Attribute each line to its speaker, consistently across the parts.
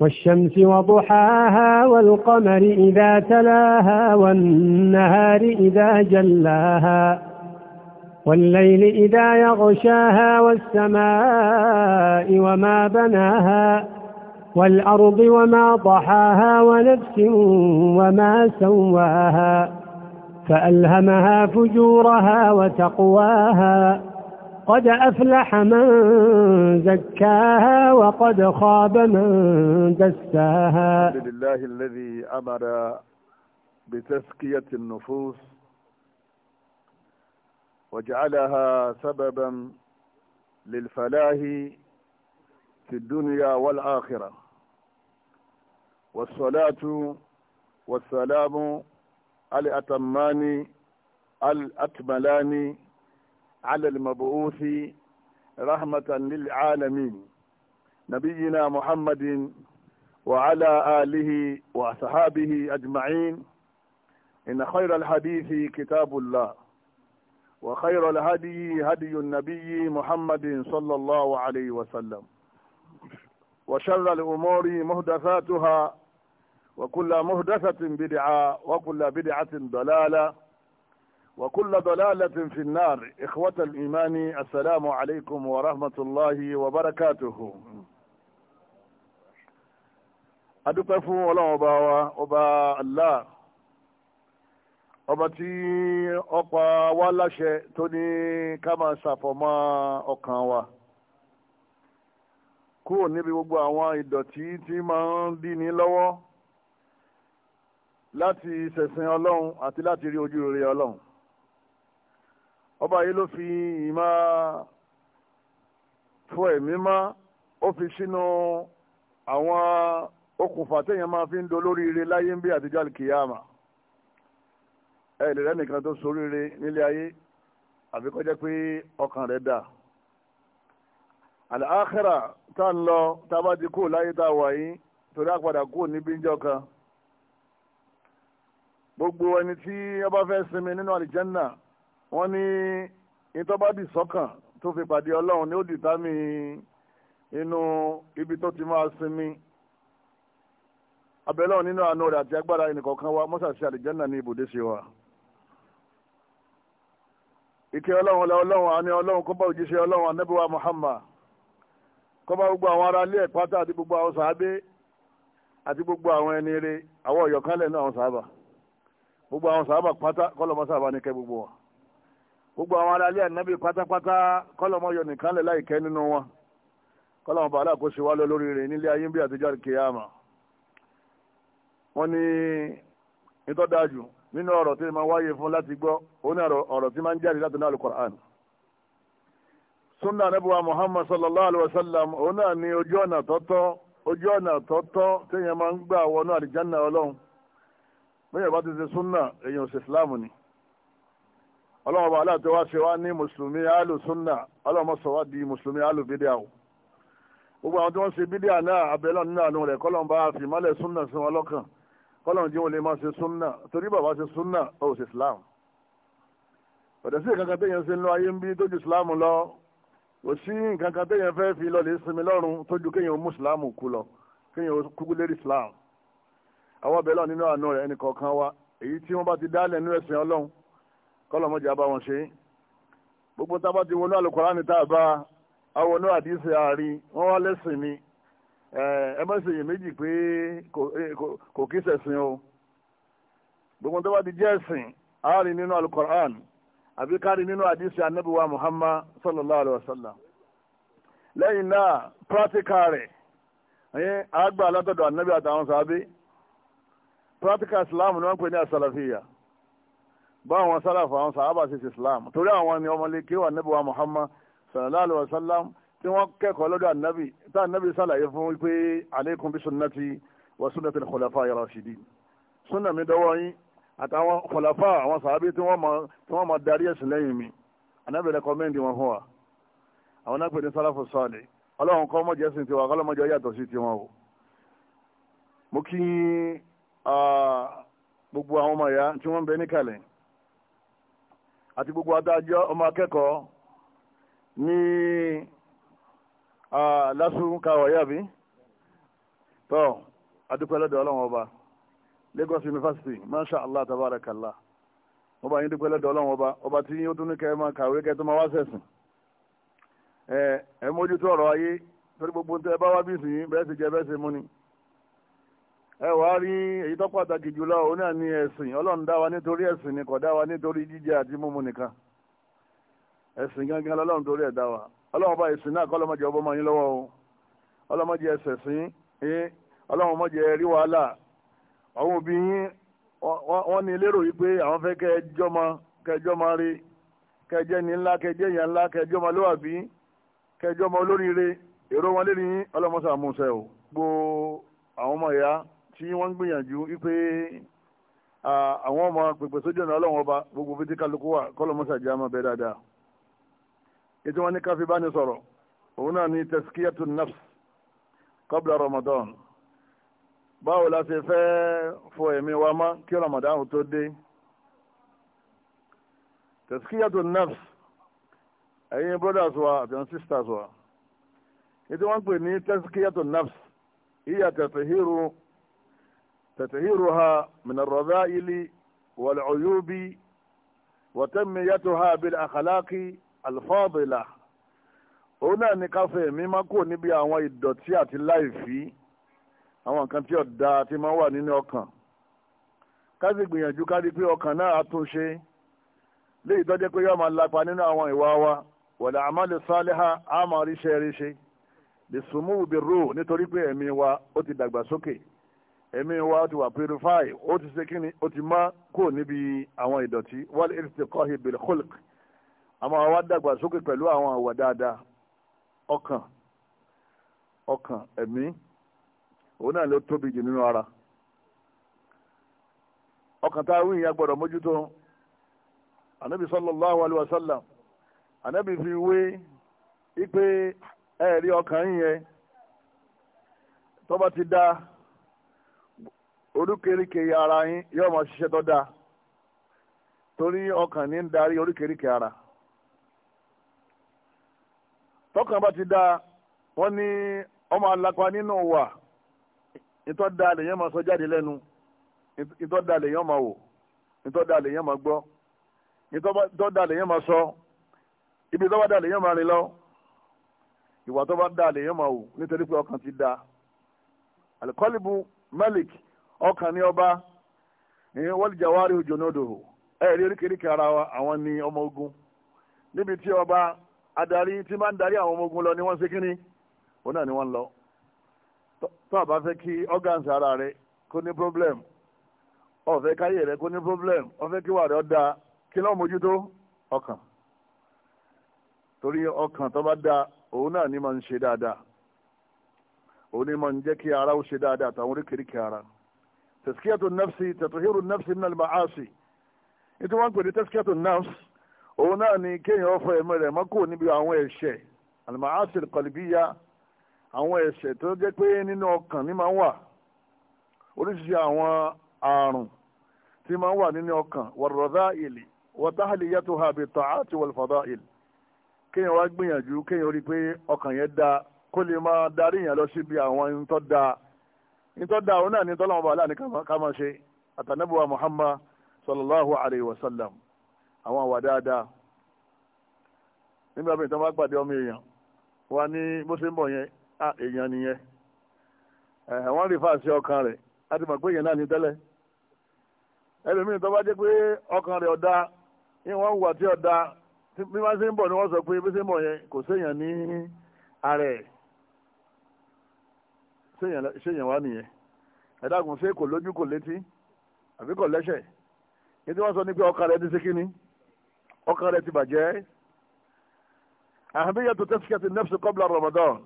Speaker 1: والشمس وضحاها والقمر إذا تلاها والنهار إذا جلاها والليل إذا يغشاها والسماء وما بناها والأرض وما ضحاها ونفس وما سواها فألهمها فجورها وتقواها قد أفلح من زكاها وقد خاب من دساها الحمد
Speaker 2: لله الذي أمر بتزكية النفوس وجعلها سببا للفلاح في الدنيا والآخرة والصلاة والسلام الأتمان الأكملان على المبعوث رحمة للعالمين نبينا محمد وعلى آله وصحابه أجمعين إن خير الحديث كتاب الله وخير الهدي هدي النبي محمد صلى الله عليه وسلم وشر الأمور مهدثاتها وكل مهدثة بدعة وكل بدعة ضلالة وكل ضلالة في النار إخوة الإيمان السلام عليكم ورحمة الله وبركاته أدقفوا ولا أبا أبا الله ọba tí ọpa wa láṣẹ tó ní ká máa ṣàfọ̀mọ́ ọkàn wa kúrò níbi gbogbo àwọn ìdọ̀tí tí máa ń dí ni lọ́wọ́ láti ṣẹ̀sìn ọlọ́run àti láti rí ojú rere ọlọ́run ọba yìí ló fi ìmọ̀ fọ ẹ̀mí mọ́ ó fi sínú àwọn okùnfà téèyàn máa fi ń dolóríire láyé ń bí àtijọ́ àlùkìyàmà ẹ lè rẹ́nìkan tó soríire nílé ayé àfi kó jẹ́ pé ọkàn rẹ̀ dà àlàáxẹ́rà tá ń lọ tá a bá ti kú láyé tá a wà yìí torí àpàdà kú níbi ńjọ́ kan gbogbo ẹni tí ó bá fẹ́ sinmi nínú àlìjẹ́nnà wọ́n ní ìtọ́bádì sọ́kàn tó fi pàdé ọlọ́run ní ó dìtà mí inú ibi tó ti máa sinmi abẹ́lẹ́ nínú àánú rẹ̀ àti agbára ẹnìkọ̀ọ̀kan wa mọ́sàsí àlìjẹ́nà ní ibùdó ṣe wa. ìkẹ́ ọlọ́run ọlá ọlọ́run àní ọlọ́run kọ́bá òjíṣẹ́ ọlọ́run anábíwá Muhammad kọ́bá gbogbo àwọn ará ilé ẹ̀pátá àti gbogbo àwọn sàábé àti gbogbo àwọn ẹni eré àwọn ọ̀yọ̀kánlẹ̀ náà àwọn sàábà gbogbo àwọn sàábà pátá kọ́lọ́mọ́sàbà ní kẹ́ gbogbo wa. gbogbo àwọn aráalé ànábì pátápátá kọlọmọ yọ nìkan lẹ láìkẹ nínú wọn kọlọmọ bàálà kó ṣe wá lọ lórí rẹ nílé ayé bí àtijọ́ kìyàmà wọn ní ìtọ́dájú nínú ọ̀rọ̀ tí ma wáyé fún láti gbọ́ òun ni ọ̀rọ̀ tí ma ń jáde láti náà alukur'an sunna anabuwa muhammad sallallahu alayhi wa sallam òun náà ojú ọ̀nà tọ́tọ́ ojú ọ̀nà tọ́tọ́ téèyàn máa ń gbà wọnú ọlọ́run sunna èèyàn islam ni. ọlọ́wọ́ bá aláàtọ́ wá ṣe wá ní mùsùlùmí alùsùnà ọlọ́mọ sọ wá di mùsùlùmí alùbídíà o gbogbo àwọn tí wọ́n ṣe bídíà náà abẹ́lọ́ nínú àánú rẹ̀ kọ́lọ́n bá fi mọ́lẹ̀ súnà sí wọn lọ́kàn kọ́lọ́n jí wọn lè máa ṣe súnà torí bàbá ṣe súnà ó ṣe islam ọ̀dẹ̀ sí nǹkan kan téèyàn ṣe ń lọ ayé ń bí tó ju islam lọ kò sí nǹkan kan téèyàn fẹ́ fi lọ lè sinmi lọ́rùn tó kéèyàn mú islam kú lọ kéèyàn kúkú lérí islam àwọn abẹ́lọ́ nínú àánú rẹ̀ ẹnì kọ̀ọ̀kan wa èyí tí wọ́n bá ti dálẹ̀ nínú ẹ̀sìn ọlọ́run kọ́lọ̀mọ́jà bá wọn ṣe gbogbo tá a bá ti wọnú àlùkùránì tá a bá awọnú àdìsí àárí wọ́n wá lẹ́sìn mi ẹ má ṣe yìn méjì pé kò kí sẹ̀sìn o gbogbo tó ti jẹ́ ẹ̀sìn àárí nínú àlùkùránì àbí kárí nínú àdìsí anábìwá Muhammad sallallahu alayhi wa sallam lẹ́yìn náà pírátíkà rẹ̀ ẹ̀yìn àgbà látọ̀dọ̀ anábì àtàwọn sàábé pírátíkà Islam ni wọ́n ń pè ní àsàlàfíà báwọn sálàfà àwọn sàhábà sí ti islam torí àwọn ni ọmọ lèkè wà níbi wa muhammad sallallahu alaihi wa sallam tí wọ́n kẹ́kọ̀ọ́ lọ́dọ̀ ànábì tá ànábì sàlàyé fún wípé alaykum bí sunnati wa sunnati al-khulafa ar-rashidin sunna mi dọ́wọ́ yín àtàwọn khulafa àwọn sàhábì tí wọ́n máa darí ẹ̀sìn lẹ́yìn mi ànábì rẹkọmẹ́ndì wọn fún wa àwọn náà pè ní sálàfù sọ́ọ̀lì ọlọ́run kọ́ mọ́jẹ́ sí tiwa kọ́ lọ́mọdé yàtọ̀ sí tiwọn o mo kí ah, gbogbo àwọn ọmọ ìyá tí wọ́n ń bẹ níkàlẹ̀ àti gbogbo adájọ́ ọmọ akẹ́kọ̀ọ́ ní lásùn káwọ̀ yàbí tọ́ adúpẹ́ lọ́dọ̀ ọlọ́run ọba Lagos University masha Allah tabarakallah wọ́n bá yín dúpẹ́ lọ́dọ̀ ọlọ́run ọba ọba tí yín ó tún ní kẹ́ ẹ máa kàwé kẹ́ ẹ tó máa wá sẹ̀sìn ẹ ẹ mójútó ọ̀rọ̀ ayé torí gbogbo ń tẹ́ bá wá bí ìsìn yín bẹ́ẹ̀ sì jẹ bẹ́ẹ̀ sì mú ni. ẹ wá rí èyí tó pàtàkì jùlọ òun náà ní ẹ̀sìn ọlọ́run dá wa nítorí ẹ̀sìn ni kò nítorí jíjẹ àti nìkan ẹ̀sìn gangan lọ́lọ́run torí ẹ̀ ọlọ́run bá ẹ̀sìn náà kọ́ lọ́mọdé ọbọ̀ mọ́ yín lọ́wọ́ o ọlọ́mọdé ẹsẹ̀ sí yín ọlọ́run mọ́jẹ rí wàhálà àwọn òbí yín wọ́n ní lérò yìí pé àwọn fẹ́ tí wọ́n ń gbìyànjú wípé àwọn ọmọ pèpè sójú ọ̀nà ọlọ́run ọba gbogbo fi ti kálukú wà kọ́lọ́mọ́sàjì àmọ́ bẹ́ẹ̀ dáadáa ètò wọn ní káfí bá ní sọ̀rọ̀ òun náà ní tẹ̀síkíyàtún nafs kọ́bla ramadan báwo la ṣe fẹ́ fọ ẹ̀mí wa mọ́ kí ramadan tó dé tẹ̀síkíyàtún nafs ẹ̀yin brothers wa àti sisters wa ètò wọn pè ní tẹ̀síkíyàtún nafs ìyàtẹ̀tẹ̀ hírù تطهيرها من الرذائل والعيوب وتنميتها بالأخلاق الفاضلة òun náà ní ká fẹ́ mímọ́ kúrò níbi àwọn ìdọ̀tí àti láìfí àwọn nǹkan tí ọ̀dà ti máa wà nínú ọkàn ká sì gbìyànjú ká rí pé ọkàn náà àtúnṣe léyìí tọ́jú pé yóò máa lapa nínú àwọn ìwà wa wọ̀dà àmàlẹ̀ sálẹ́hà á máa ríṣẹ́ ríṣe lè sùnmù bìrù nítorí pé ẹ̀mí wa ó ti dàgbàsókè. Okay ẹ̀mí wa ti wà purify ó ti ṣe kíni ó ti má kúrò níbi àwọn ìdọ̀tí wal irtiqahi bil khulq àmọ́ àwa dàgbà sókè pẹ̀lú àwọn àwà dáadáa ọkàn ọkàn ẹ̀mí òun náà ló tóbi jù nínú ara ọkàn tá a wí ìyá gbọ́dọ̀ mójútó anabi sallallahu alayhi wa sallam anabi fi wé ipe ẹ̀rí ọkàn yẹn tó ti dáa. oríkèéríkè ara yín yóò máa ṣiṣẹ́ tó dáa torí ọkàn ní ń darí oríkèéríkè ara tọkàn bá ti dáa wọ́n ní ọmọ alapa nínú wà ìtọ́ da lèyàn máa sọ jáde lẹ́nu ìtọ́ da lèyàn máa wò ìtọ́ da lèyàn máa gbọ́ ìtọ́ da lèyàn máa sọ ibi tó bá da lèyàn máa rìn lọ ìwà tó bá da lèyàn máa wò nítorí pé ọkàn ti da alikọ́líbu malik ọkàn ní ọba ní wọ́lìjàwárí òjònódòhò ẹ̀rí oríkèéríkèé ara àwọn ní ọmọ ogun níbi tí ọba adarí tí máa ń darí ọmọ ogun lọ ni wọ́n ṣe kíní òun náà ni wọ́n lọ tó àbá fẹ́ kí ara rẹ kó ní problem ó káyé rẹ kó ní problem ó kí wà rẹ kí lọ́ọ́ mójútó ọkàn torí ọkàn tó bá ni máa ń ṣe dáadáa òun ni máa ń jẹ́ kí ara. tẹ̀síkíyàtò nafsi tẹ̀tọ̀hírù nafsi min al-ma'asi nítorí wọ́n ń pè ní tẹ̀síkíyàtò nafsi òun náà ni kéèyàn ọ̀fọ̀ ẹ̀mí rẹ̀ mọ́kò níbi àwọn ẹ̀ṣẹ̀ al-ma'asi al-qalbiyya àwọn ẹ̀ṣẹ̀ tó jẹ́ pé nínú ọkàn ní máa ń wà oríṣiríṣi àwọn àrùn tí máa ń wà nínú ọkàn war-radha'il wa tahliyatuha bit-ta'ati wal-fada'il kéèyàn wá gbìyànjú kéèyàn rí pé ọkàn yẹn dáa kó lè máa darí yẹn lọ síbi àwọn ẹni tó dáa nítorí dáa òun náà ní tọ́lọ́mọ bàálà ní ká máa ṣe àtànẹ́bùwà Muhammad sallallahu alayhi wa sallam àwọn àwà dáadáa nígbà míì tó bá gbàdé ọmọ èèyàn wa ní bó ṣe ń bọ̀ yẹn à èèyàn nìyẹn wọ́n rí ọkàn rẹ̀ a ti mọ̀ pé èèyàn náà ní tẹ́lẹ̀ ẹlòmíì tó bá jẹ́ pé ọkàn rẹ̀ ọ̀dà ní wọ́n wà tí ọ̀dà bí wọ́n ṣe ń bọ̀ ni wọ́n sọ pé ṣéyàn wá nìyẹn ẹ̀dàgùn ṣé kò lójú kò létí àbí kò lẹ́sẹ̀ ní tí wọ́n sọ ní pé ọkàn rẹ ti ṣe kíni ọkàn rẹ ti bàjẹ́ àhàmíyà tó tẹ́sí kẹ́tì nẹ́fṣì kọ́bla Ramadan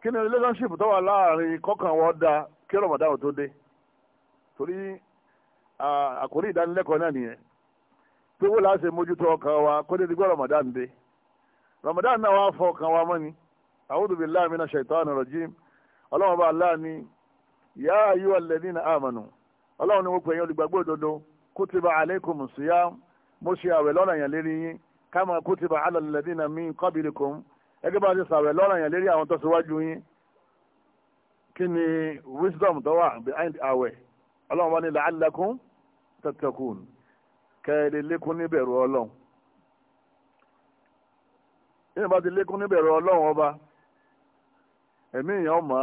Speaker 2: kí ni relationship tó wà láàrin kọ́kàn wọ́n da kí Ramadan tó dé torí àkórí ìdánilẹ́kọ̀ọ́ náà nìyẹn pé wọ́n láti mójútó ọkàn wa kó dé dígbọ́ Ramadan dé Ramadan náà wá fọ ọkàn wa mọ́ni a'udhu billahi minash shaitani rajim ọlọ́run ọba aláàánú yá ayé alladhina amanu ọlọ́run ni mo pè yín olùgbàgbọ́ òdodo kutiba alaykum siyam mo ṣe àwẹ̀ lọ́nà yẹn lérí yín kama kutiba ala alladhina min qablikum ẹgbẹ́ bá ti sàwẹ̀ lọ́nà yẹn lérí àwọn tó yín kí ni wisdom tó wà behind àwẹ̀ ọlọ́run wa ni la'allakum tattaqun kẹ́ẹ̀lẹ́ lékún níbẹ̀rù ọlọ́run ẹ̀mí èèyàn mọ́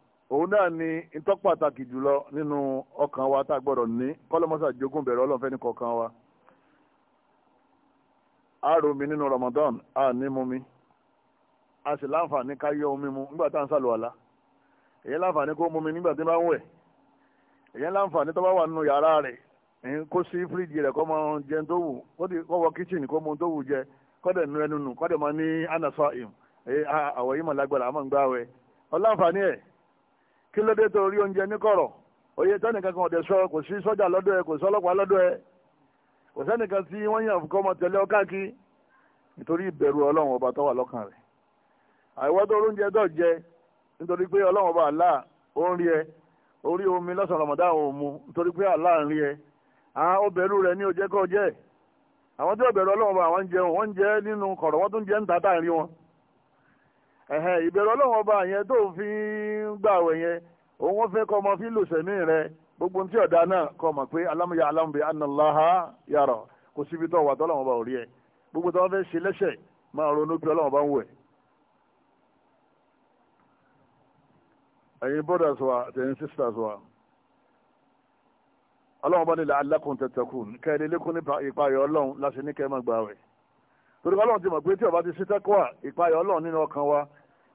Speaker 2: òun náà ni ntọ́ pàtàkì jùlọ nínú ọkàn wa tá a gbọ́dọ̀ ní kọ́lọ́mọ́sá jogún bẹ̀rẹ̀ ọlọ́fẹ́ wa a romi nínú Ramadan a ní mu a sì láǹfààní ká yọ omi mu nígbà tá à ń èyí láǹfààní kó mi nígbà tí bá ń wẹ̀ èyí láǹfààní tó bá wà nínú yàrá rẹ̀ wọ kíchìnì kó mu tó wù jẹ nu ẹnu nù máa ní anasa im àwọ̀ yìí mà lágbára àmọ́ ń kí ló dé tó rí oúnjẹ oye oyè tẹ́nìkan kan ọ̀dẹ̀ sọ kò sí sọ́jà lọ́dọ̀ ẹ kò sí ọlọ́pàá lọ́dọ̀ ẹ kò sẹ́nìkan tí wọ́n yàn kọ́ ọmọ kí nítorí ìbẹ̀rù ọlọ́run ọba tó lọ́kàn rẹ̀ àìwọ́ tó oúnjẹ jẹ nítorí pé ọlọ́run ọba ó ń rí ẹ omi lọ́sàn ramadan ò mu nítorí pé àlá ń rí ẹ àwọn obẹ̀rù rẹ̀ ní ó jẹ́ àwọn ọba àwọn jẹun wọ́n nínú kọ̀rọ̀ wọ́n ìbẹ̀rù ọlọ́run ọba yẹn tó fi ń gbàwẹ̀ yẹn òun fi kọ́ ọmọ fi lò sẹ́mi rẹ gbogbo tí ọ̀dà náà kọ́ mọ̀ pé alámúyà alámúbi anàláha yàrá kò síbi tó wà tọ́lọ́run ọba gbogbo tó wọ́n fẹ́ ṣe lẹ́sẹ̀ máa ronú pé ọba ń wẹ̀. ẹ̀yin brothers wa sisters wa nílẹ̀ alákùn tẹ̀tẹ̀kùn nípa ìpayọ̀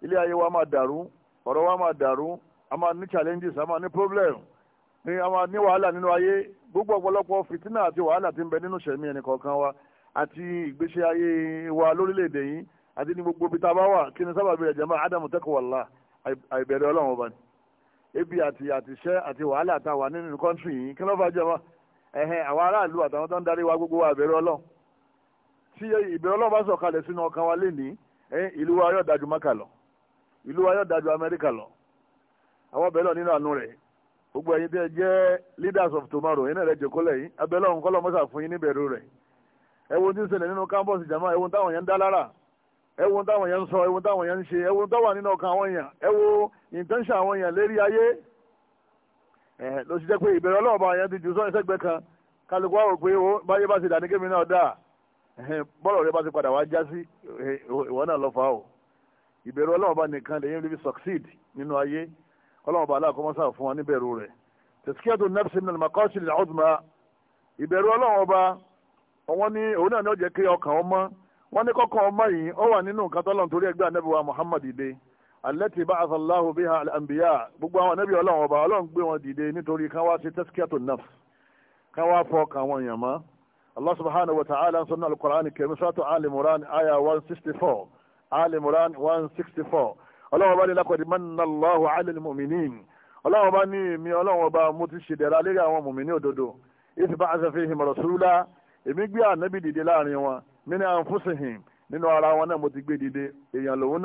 Speaker 2: ilé ayé wa máa dàrú ọ̀rọ̀ wa máa dàrú a máa ní challenges a máa ní problem ni a máa ní wàhálà nínú ayé gbogbo ọ̀pọ̀lọpọ̀ fìtínà àti wàhálà ti ń bẹ nínú sẹ̀mí ẹnì kọ̀ọ̀kan wa àti ìgbésí ayé wa lórílẹ̀‐èdè yìí àti ní gbogbo ibi tá a bá wà kí ni sábàbí rẹ̀ jẹ́mbà ádámù tẹ́kọ̀wọ̀lá àìbẹ̀rẹ̀ ọlọ́run ọba ni ebi àti àtiṣẹ́ àti wàhálà tá a wà nínú kọ́ńtì yìí kí ló fà jẹ́mbà ẹ̀hẹ́n àwọn aráàlú àtàwọn tó ń darí wa gbogbo wa àbẹ̀rẹ̀ ọlọ́run tí ìbẹ̀rẹ̀ ọlọ́run bá sọ̀kalẹ̀ sínú ọkàn wa lénìí ìlú wa yóò dájú mọ́kà lọ ìlú wa yóò dájú amẹ́ríkà lọ àwọn abẹ́lẹ̀ nínú àánú rẹ̀ gbogbo ẹ̀yin tẹ́ jẹ́ leaders of tomorrow yín náà rẹ̀ jòkó lẹ́yìn abẹ́lẹ̀ ọ̀hún kọ́lọ́ mọ́sà fún yín níbẹ̀rù rẹ̀ ẹ̀wọ̀n tí ń ṣẹlẹ̀ nínú campus jama ẹ̀wọ̀n táwọn yẹn ń dá lára ẹ̀wọ̀n táwọn yẹn ń sọ ẹ̀wọ̀n táwọn yẹn ń ṣe ẹ̀wọ̀n tó wà nínú ọkàn àwọn èèyàn ẹ̀wọ̀n intention àwọn èèyàn lérí ayé ẹ̀ ló ṣe jẹ́ pé ìbẹ̀rẹ̀ ọlọ́ọ̀bà yẹn ti jù sọ́ ẹ̀sẹ̀gbẹ́ kan kálukú àwọn pé ó báyé bá ṣe dà ní kémi náà dáa bọ́lọ̀ rẹ bá ti padà wá já ìwọ náà lọ fà á o ìbẹ̀rù ọlọ́ọ̀ba nìkan lè yẹn lè fi succeed nínú ayé ọlọ́ọ̀ba aláàkọ́mọ́sá fún wa níbẹ̀rù rẹ̀ tẹ̀síkẹ́tù nafsi min al-maqasid al-uzma ìbẹ̀rù ọlọ́ọ̀ba wọn ní òun náà ní ọ̀jẹ̀ kí ọkàn ọmọ wọn ní kọ́kọ́ ọmọ yìí ó wà nínú nǹkan tọ́lọ̀ nítorí ẹgbẹ́ ànábì wa Muhammad dìde allati ba'atha Allahu biha al-anbiya gbogbo àwọn ànábì ọlọ́run ọba ọlọ́run gbé wọn dìde nítorí kan wá sí tazkiyatun nafs kan wá fọ kan ali one 164. four bá ní lakọ̀dí mannallahu alil mu'minin ọlọ́wọ́n bá ní mi ọlọ́wọ́n bá mo ti ṣèdẹ̀ra lérí àwọn mùmíní òdodo ìfipá àṣẹfẹ́ ìhìmọ̀ rasúlá èmi gbé ànábì dìde láàrin wọn mí ní nínú ara wọn náà mo ti gbé dìde èèyàn lòun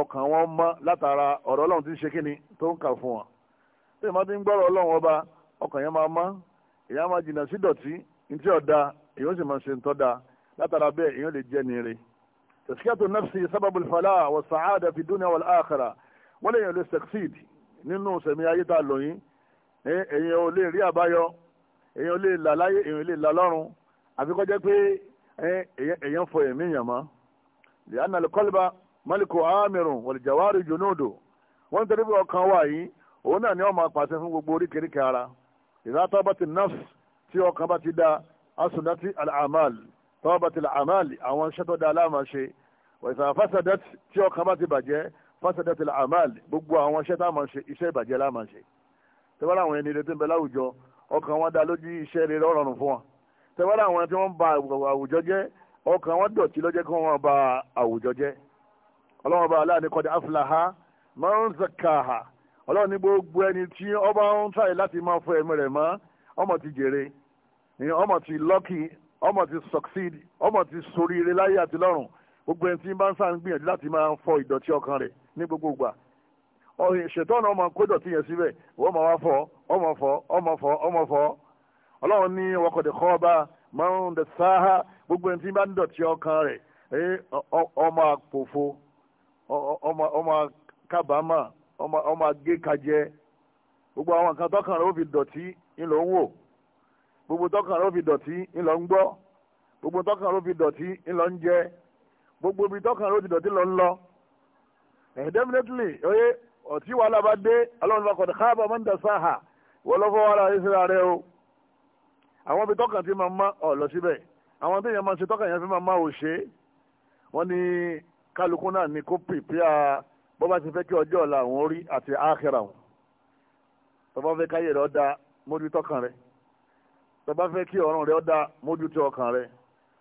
Speaker 2: ọkàn wọn mọ́ látara ọ̀rọ̀ ọlọ́run tí ń ṣe kíni tó ń kà fún wọn bí ìmọ̀ tí ń gbọ́rọ̀ ọlọ́run ọba ọkàn yẹn máa mọ́ èèyàn máa jìnnà sí dọ̀tí ntí ọ̀dà èèyàn sì máa ṣe ń tọ́da látara bẹ́ẹ̀ èèyàn lè jẹ́ nire tẹ̀síkẹ́tò nafsi sábàbù fàlà wà sàáda fi dúnìá wà áàkàrà wọ́n lè yàn lè succeed nínú sẹ̀mí ayé tá a lò yín èèyàn ò lè rí àbáyọ èèyàn ò lè là láyé èèyàn ò lè là lọ́run àfikọ́jẹ́ pé èèyàn fọ ẹ̀mí yàn mọ́ lè mọ́lìkù amirun wọ̀lìjàwárì junudu wọ́n ń tẹ́lẹ̀ bí ọkàn wà yìí òun náà ni ó máa pàṣẹ fún gbogbo oríkèéríkèé ara ìlàtọ́ bá ti nọ́ọ̀sì tí ọkàn bá ti da asunati al'amal tọ́bàtì al'amal àwọn iṣẹ́ tó da aláàmà ṣe wẹ̀sà fasadat tí ọkàn bá ti bàjẹ́ fasadat al'amal gbogbo àwọn iṣẹ́ táàmà ṣe iṣẹ́ ìbàjẹ́ láàmà ṣe tẹ́wọ́n àwọn ẹni rẹ̀ tó ń bẹ láwùjọ ọkàn wọn da lójú iṣẹ́ rere ọ̀rọ̀rùn fún wọn tẹ́wọ́n àwọn ẹni tí wọ́n ba àwùjọ jẹ́ ọkàn wọn dọ̀tí lọ́jẹ́ kí wọ́n ba àwùjọ jẹ́ ọlọ́run bá aláàánú kọ́dí afúláhá máa ń zakaha ọlọ́run ní gbogbo ẹni tí ọba ń tàyè láti máa fọ ẹ̀mí rẹ̀ ọmọ ti jèrè ọmọ ti lọ́kì ọmọ ti succeed ọmọ ti soríire láyé àti lọ́run gbogbo ẹni tí bá ń sàn gbìyànjú láti máa fọ ìdọ̀tí ọkàn rẹ̀ ní gbogbo ìgbà ṣètọ́nà ọmọ kó dọ̀tí yẹn síbẹ̀ wọ́n fọ ọmọ fọ ọmọ fọ ọmọ fọ ọlọ́run ní wọkọ̀dẹ̀ kọ́ ọba máa ń dẹ̀ sáá gbogbo ẹni tí bá ń dọ̀tí ọkàn ọmọ àpòfo ọmọ kábàámà ọmọ agékajẹ gbogbo àwọn nǹkan tọkàn rẹ ó fi dọ̀tí ńlọ ń wò gbogbo tọkàn rẹ ó fi dọ̀tí ńlọ ń gbọ́ gbogbo tọkàn rẹ ó fi dọ̀tí ńlọ ń jẹ gbogbo ibi tọkàn rẹ ó fi dọ̀tí lọ ń lọ eh, definitely oye ọtí wàhálà bá dé ọlọ́run bá kọ̀dọ̀ káàbọ̀ máa ń dà sáà wọ́n lọ́fọ́ wàhálà ìṣẹ́ra rẹ o àwọn ibi tọkàn ti máa ń má ọ̀ lọ síbẹ̀ àwọn tó yẹn máa ń ṣe tọkàn yẹn fi máa ń ò ṣe wọ́n ní kálukú náà ni kó pèpéà bó bá ti fẹ́ kí ọjọ́ ọ̀la àwọn orí àti àkhírà wọn tó bá fẹ́ káyé rẹ̀ ọ̀dà mójútó kan rẹ̀ tó bá fẹ́ kí ọ̀run rẹ̀ ọ̀dà mójútó ọkàn rẹ̀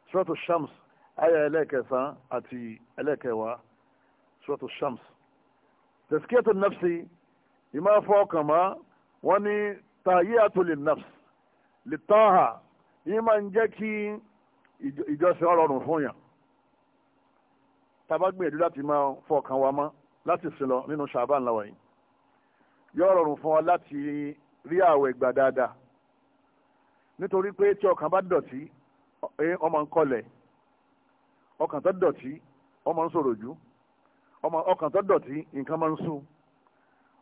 Speaker 2: suratu shams aya ẹlẹ́ẹ̀kẹsàn àti ẹlẹ́ẹ̀kẹwàá suratu shams tẹ̀síkẹ́tù nafsi ìmọ̀ afọ́ọkàn mọ́ wọ́n ní tahiyyatu lin nafs litaha yìí máa ń jẹ́ kí ìjọsìn ọ̀rọ̀ tàbá gbìyànjú láti máa fọkàn wa mọ́ láti sìn lọ nínú ṣàbán làwọn yìí yóò rọrùn fún ọ láti rí àwẹ̀ gbà dáadáa nítorí pé tí ọkàn bá dọ̀tí ọmọ ń kọlẹ̀ ọkàn tó dọ̀tí ọmọ ń sọ̀rọ̀ jù ọkàn tó dọ̀tí nǹkan máa ń sùn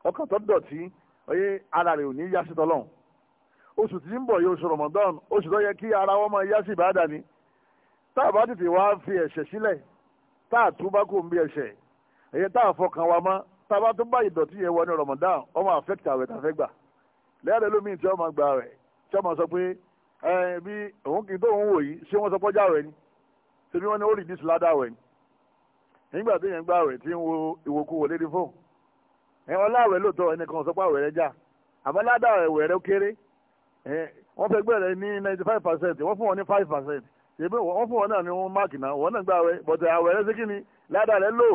Speaker 2: ọkàn tó dọ̀tí oyè ara rẹ̀ ò ní yá sí tọ́lọ́n oṣù tí ń bọ̀ yóò oṣù Ramadan oṣù tó yẹ kí ara wọn máa yá sí ìbáàdà ni tá a bá tètè wá fi ẹ̀ṣẹ̀ sílẹ̀ tá a túbá kò ń bí ẹ̀ṣẹ̀ ẹ̀yẹ tá a fọkàn wa mọ́ tá a bá tún bá ìdọ̀tí yẹn wọ ní Ramadan ó máa affect àwẹ̀ a fẹ́ gbà lẹ́yìn lómìn tí wọ́n máa gba rẹ̀ tí wọ́n máa sọ pé ẹ bí òun kì í tó òun wò yìí ṣé wọ́n sọ pọ́jà rẹ̀ ni ṣé bí wọ́n ní ó reduce ládà rẹ̀ ni nígbà tó yẹn gbà rẹ̀ tí ń wo ìwòkuwò lédi fóun ẹ ọláwẹ̀ lóòótọ́ ẹnìkan sọ pé àwẹ̀ rẹ̀ já àmọ́ ládà rẹ̀ wẹ̀ rẹ̀ ó kéré wọ́n fẹ́ gbẹ̀rẹ̀ ní ninety five ṣèbí wọ́n fún wọn náà ní wọn máàkì náà wọn náà gba àwẹ̀ bọ̀tẹ̀ àwẹ̀ rẹ̀ sí kí ni ládàá rẹ̀ lò.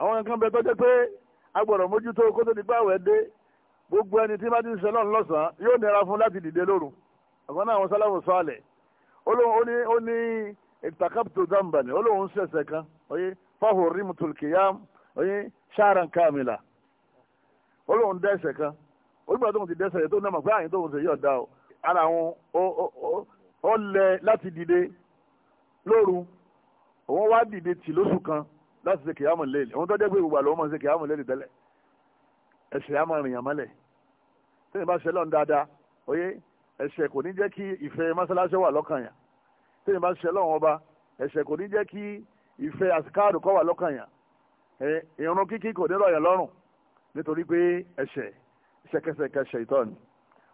Speaker 2: àwọn nǹkan bẹ tọ́jú pé a gbọ́dọ̀ mójútó kó tó di pé àwẹ̀ dé gbogbo ẹni tí má ti ń ṣe lọ́run lọ́sàn-án yóò nira fún láti dìde lóru àgbọn náà àwọn sáláfù sọ àlẹ̀ ó ní ìtàkàtò dàmbàlẹ̀ ó lóun ṣẹ̀ṣẹ̀ kan oyè fáwọn rímù tòlkìyàm oyè ṣáàràn kàmìlà ó dẹ́ṣẹ̀ kan ó gbà tóun ti dẹ́ṣẹ̀ yẹn tó náà mọ̀ pé àyìn tóun ṣe yọ̀ dá o ara wọn ó lẹ láti dìde lóru òun wá dìde tì lóṣù kan láti ṣe kìyàmù lẹ́lẹ̀ òun tọ́jú pé ìwà lọ́wọ́ máa ṣe kìyàmù lẹ́lẹ̀ tẹ́lẹ̀ ẹ̀ṣẹ̀ á máa rìnyàn mọ́lẹ̀ tẹ́yìn bá ṣẹlẹ̀ ń dáadáa oyé ẹ̀ṣẹ̀ kò ní jẹ́ kí ìfẹ́ mọ́ṣáláṣí wà lọ́kàn yàn tẹ́yìn bá ṣẹlẹ̀ wọn ọba ẹ̀ṣẹ̀ kò ní jẹ́ kí ìfẹ́ àsìkáàrù kọ́ wà lọ́kàn yàn ìrun kíkí kò ní rọ̀yàn lọ́rùn nítorí pé ẹ̀ṣẹ̀ ṣẹkẹsẹkẹ ṣètọ́ ni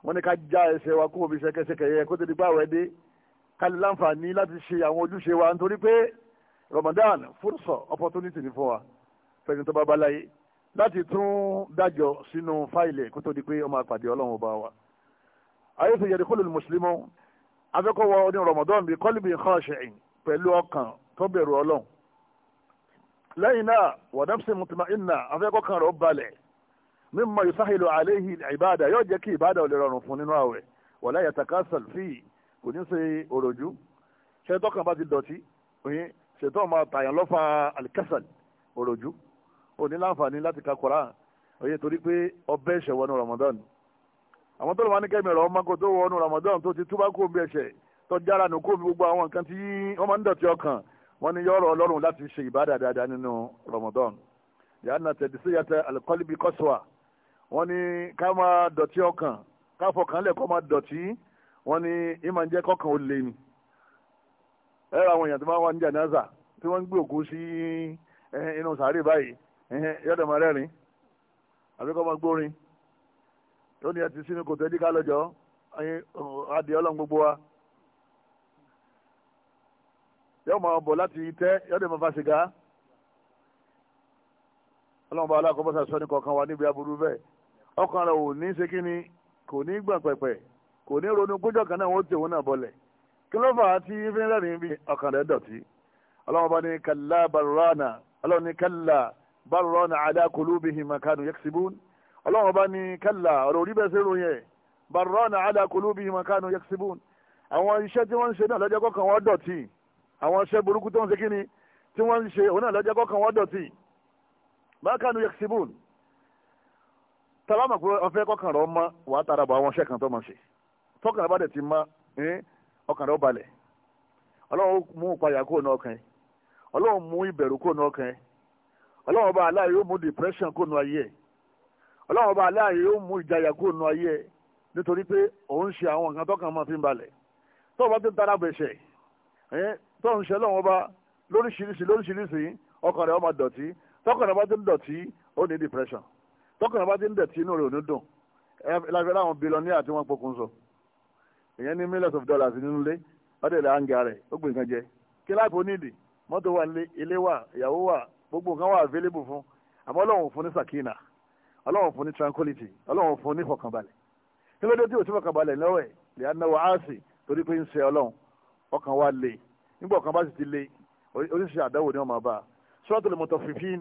Speaker 2: wọ́n ní ká já ẹsẹ̀ wa kó omi ṣẹkẹṣẹkẹ yẹ kó tẹ̀lé báwẹ̀ dé ká lè láǹfààní láti ṣe àwọn ojúṣe wa nítorí pé Ramadan fúrúsọ opportunity ni fún wa fẹ́ni tó bá bá láyé láti tún dájọ́ sínú fáìlì kó tó di pé ó máa ọlọ́run ọba wa. ayé ti yẹri kólú mùsùlùmí afẹ́kọ̀wọ́ ní Ramadan bíi kọ́lùbí khashi'in pẹ̀lú ọkàn tó bẹ̀rù ọlọ́run lẹ́yìn náà wa nafsin mutma'inna mímọ ìsáhìlò àléhì ìbáàdà yóò jẹ́ kí ìbáàdà ò lè rọrùn fún nínú àwẹ̀ wọ̀lá yàtàkásàl fíì kò ní ṣe òròjú ṣètò kan bá ti dọ̀tí oyin ṣètò ọmọ àtàyàn lọ́fà alikásàl òròjú ò ní láǹfààní láti ka Kùránì oyin torí pé ọbẹ̀ ẹ̀ṣẹ̀ wọnú Ramadan àwọn tó lọ́ wá ní kẹ́mi rọ̀ ọmọ kò tó wọnú Ramadan tó ti túbá kó ẹ̀ṣẹ̀ tó jára nù kó gbogbo àwọn nǹkan tí wọ́n máa ń dọ̀tí ọkàn wọ́n ní yọ̀rọ̀ Ọlọ́run láti ṣe ìbádà dáadáa nínú Ramadan yàrá tẹ̀dísíyàtẹ̀ alikọ́líbi kọ́sùwà wọ́n ní ká máa dọ̀tí ọkàn ká fọkàn lẹ̀ kọ́ máa dọ̀tí wọ́n ní ìmọ̀ ń jẹ́ kọ́kàn ó lé ni ẹ̀rọ àwọn èèyàn tó máa wà ní jàǹdàzà tí wọ́n ń gbé òkú sí inú sàárè báyìí yọ̀dọ̀ máa rẹ́rìn àbí kọ́ máa gbórin tó ní ẹ sínú kòtò ẹdí ká lọ́jọ́ ọlọ́run gbogbo wa yóò máa bọ̀ láti tẹ́ yọ̀dọ̀ máa fa sìgá ọlọ́run bá aláàkọ́ bọ́sà kọ̀ọ̀kan wa níbi aburú bẹ́ẹ̀ ọkàn rẹ̀ ò ní ṣe kí ni kò ní gbọ̀n pẹ̀pẹ̀ kò ní ronú kójọ́ kan náà wọ́n ti òun náà bọ̀lẹ̀ kí ló fà á tí fínlẹ̀ ní bí ọkàn rẹ̀ dọ̀tí ọlọ́run bá ní kàlá barrana ọlọ́run ní kàlá barrana ala qulubihim ma kanu yaksibun ọlọ́run bá ní kàlá ọ̀rọ̀ orí bẹ́ẹ̀ sẹ́rù yẹn barrana ala qulubihim ma kanu yaksibun àwọn iṣẹ́ tí wọ́n ń ṣe náà lọ́jọ́ kọ̀ọ̀kan wọ́n dọ̀tí àwọn iṣẹ́ burúkú tó ń ṣe kíni tí wọ́n ń ṣe òun náà lọ́jọ́ kọ̀ọ̀kan wọ́n dọ̀tí ma kanu tọ́lá mọ̀ pé ọfẹ́ kọkàn rẹ ọmọ wàá tara bọ̀ àwọn iṣẹ́ kan tó mọ̀ ṣe tọkàn rẹ bá dẹ̀ ti mọ ọkàn eh, rẹ ó balẹ̀ ọlọ́run mú ìpayà kúrò ní ọkàn yìí e. ọlọ́run mú ìbẹ̀rù kúrò ní ọkàn yìí e. ọlọ́run ọba aláàyè yóò mú depression kúrò ní ayé ẹ̀ e. ọlọ́run ọba aláàyè yóò mú ìjayà kúrò ní ayé ẹ̀ nítorí pé òun ṣe àwọn nǹkan tọkàn máa fi ń balẹ̀ tó o bá ti ń tara bẹ̀ṣẹ̀ tó ń ṣe ọlọ́run ọba lóríṣiríṣi lóríṣiríṣi ọkàn rẹ̀ ó depression tọkùnrin bá ti ń dẹ̀tí inú rẹ̀ ò ní dùn láfẹ́ láwọn bilọ́níà tí wọ́n pokùn sọ èyàn ní millions of dollars nínú ilé ọdẹ ilẹ̀ àǹgà rẹ̀ ó gbé nǹkan jẹ kí láìpẹ́ onídìí mọ́tò wà nílé ilé wà ìyàwó wà gbogbo nǹkan wà available fún àmọ́ ọlọ́run fún ní sakina ọlọ́run fún ní tranquility ọlọ́run fún ní fọkànbalẹ̀ kí ló dé tí o ti fọkànbalẹ̀ lọ́wọ́ ẹ̀ lè anáwó áàsì torí pé ń ṣe ọlọ́run ọkàn wa le nígbà ọkàn bá sì ti le oríṣiríṣi àdáwò ni wọ́n máa bá a Suratul Mutaffifin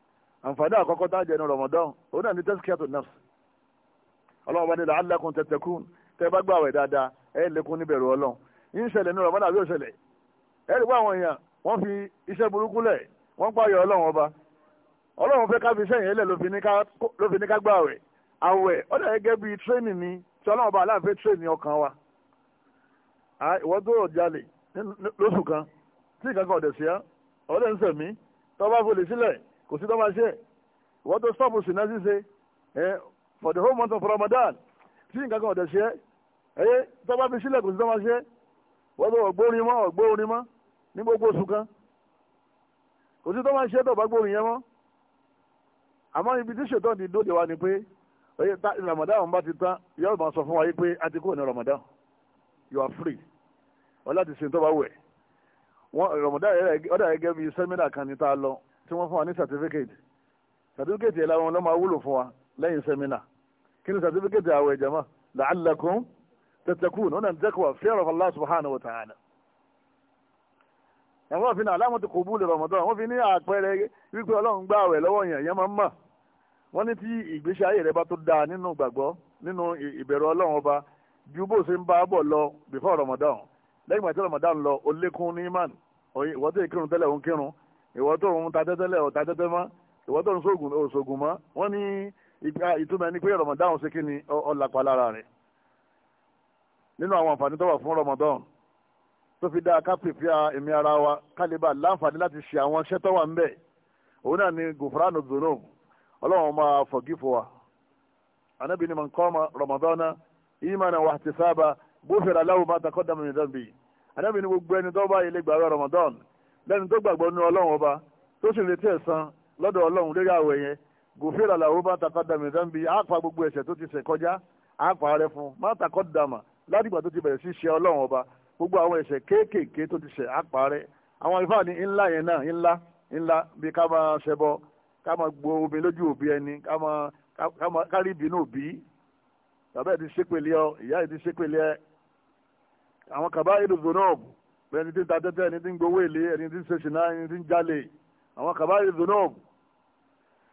Speaker 2: àǹfààní àkọ́kọ́ tá a jẹ ní Ramadan òun náà ní tazkiyatu nafs ọlọ́run bá ní la'allakum tattaqun tẹ́ bá gbààwẹ̀ dáadáa ẹ lékún níbẹ̀rù ọlọ́run yín ṣẹlẹ̀ ní Ramadan àbí ó ṣẹlẹ̀ ẹ rí bá àwọn èèyàn wọ́n fi iṣẹ́ burúkú lẹ̀ wọ́n pààyọ̀ ọlọ́run ọba ọlọ́run fẹ́ ká iṣẹ́ yẹn lẹ̀ ló fi ní ká gbààwẹ̀ àwẹ̀ ó dà gẹ́gẹ́ bíi tírénì ni tí ọlọ́run ọba aláàfẹ́ tírénì ọkàn wa ìwọ́n tó rọ̀ jalè lóṣù kan tí ìkankan ọ̀dẹ̀ sí á ọ̀dẹ̀ ń sẹ̀mí tọ́ bá folè sílẹ̀ kò sí tó máa ṣe wọ́n tó stop sinna ṣíṣe for the whole month of Ramadan tí nǹkan kan ọ̀dẹ̀ ṣe ẹ tó bá fi sílẹ̀ kò sí tó máa ṣe wọ́n tó ọ̀gbórin mọ́ ọ̀gbórin mọ́ ní gbogbo oṣù kan kò sí tó máa ṣe tó bá gbórin yẹn mọ́ àmọ́ ibi tí ṣètò ti dóde wa ni pé oye ta Ramadan bá ti tán yóò máa sọ fún wa yìí pé a ti kúrò ní Ramadan you are free wọ́n láti ṣe tó bá wẹ̀ wọ́n Ramadan yẹn ọ̀dà gẹ́gẹ́ bíi sẹ́mínà kan ní tá a lọ tí wọ́n fún wa ní certificate certificate yẹn láwọn ọlọ́mọ awúlò fún wa lẹ́yìn sẹ́mínà kí ni certificate àwọ̀ ẹ̀jẹ̀ mọ́ la'allakum tattaqun ọ̀nà taqwa fear of Allah subhanahu wa ta'ala. ẹ̀wọ́n fi ní alámọ̀tò kò bú lè wọ́n fi ní àpẹẹrẹ wípé ọlọ́run gbà àwẹ̀ lọ́wọ́ yẹn ìwọ tó ń ta tẹ́tẹ́lẹ̀ ọ̀ta tẹ́tẹ́ mọ́ ìwọ tó ń sóògùn òṣògùn mọ́ wọ́n ní ìtumọ̀ ẹni pé rọmọdáhùn ṣe kí ni ọ̀làpá lára rẹ̀ nínú àwọn àǹfààní tó wà fún rọmọdán tó fi dáa ká pèpìà ara wa ká lè bá láǹfààní láti ṣe àwọn iṣẹ́ tó wà ń bẹ̀ òun náà ni gùfúránù dùnú ọlọ́run máa fọ̀gífò wa anábì ni mọ̀nkọ́mọ rọmọdánà ìmánà wa ihtisaba bófin aláwọ̀ máa takọ́ dàmú ìdánbì anábì ni gbogbo ẹni tó bá ilé gbàgbé t'o tó gbàgbọ́ nínú ọlọ́run ọba tó sì retí ẹ̀san lọ́dọ̀ ọlọ́run lórí àwẹ̀ yẹn gòfèrè àlàó bá takọ́ dàmì bi àpá gbogbo ẹ̀ṣẹ̀ tó ti ṣẹ̀ kọjá àpá rẹ fún má takọ́ dàmà ládìgbà tó ti bẹ̀rẹ̀ sí ṣe ọlọ́run ọba gbogbo àwọn ẹ̀ṣẹ̀ kéékèèké tó ti ṣẹ̀ àpá rẹ àwọn ifá ní ńlá yẹn náà ńlá ńlá bí ká máa ṣẹbọ ká máa gbo omi lójú òbí ẹni ká máa kárí òbí ẹ̀ ti ọ ìyá ẹ̀ ti bẹ́ẹ̀ ni tí ń ta tẹ́tẹ́ ẹni tí ń gbowó èlé ẹni tí ń ṣe ṣìnà ẹni tí ń jalè àwọn kàbáyé zonob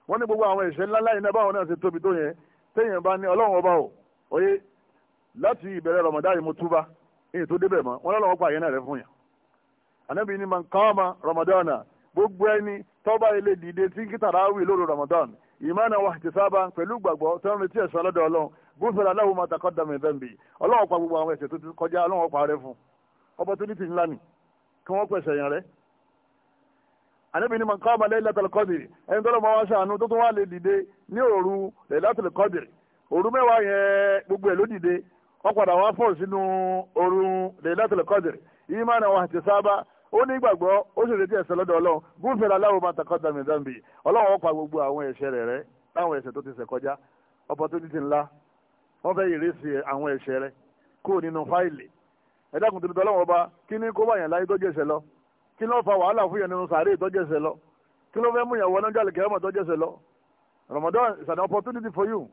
Speaker 2: wọ́n ní gbogbo àwọn ìṣẹ́ ńlá láyé náà báwọn náà ṣe tóbi tó yẹn téèyàn bá ní ọlọ́run ọba ò oyé láti ìbẹ̀rẹ̀ rọmọdá yìí mo túbá èyí tó débẹ̀ mọ́ wọn lọ́lọ́run pa náà rẹ gbogbo ẹni tọ́ba ilé dìde tí lóru wa ti sábà pẹ̀lú gbàgbọ́ retí ẹ̀sán lọ́dọ̀ ọlọ́run aláwo máa takọ́ opportunity ńlá ni kí wọ́n pèsè rẹ rẹ̀ àníbi ni màkà ọmọ lẹ́yìn lẹ́tọ̀lẹ̀ kọ́dìrì ẹni tó lọ́ máa wá ṣàánú tó tún wá lè dìde ní òru kọ́dìrì òru mẹ́wàá yẹn gbogbo ẹ̀ ló dìde wọ́n padà wá fọ̀ sínú òru lẹ́tọ̀lẹ̀ kọ́dìrì yìí máa nà wọ́n àti sábà ó ní ìgbàgbọ́ ó sì retí lọ́dọ̀ ọlọ́run aláwo gbogbo ẹ̀dákùn tuntun ọlọ́run ọba kí ni kó báyàn láyé tọ́jú ẹsẹ̀ lọ kí ló fa wàhálà fún yẹn nínú sàárè tọ́jú ẹsẹ̀ lọ kí ló fẹ́ mú yẹn wọ náà jálè kẹ́hẹ́mọ̀ tọ́jú ẹsẹ̀ lọ Ramadan is an opportunity for you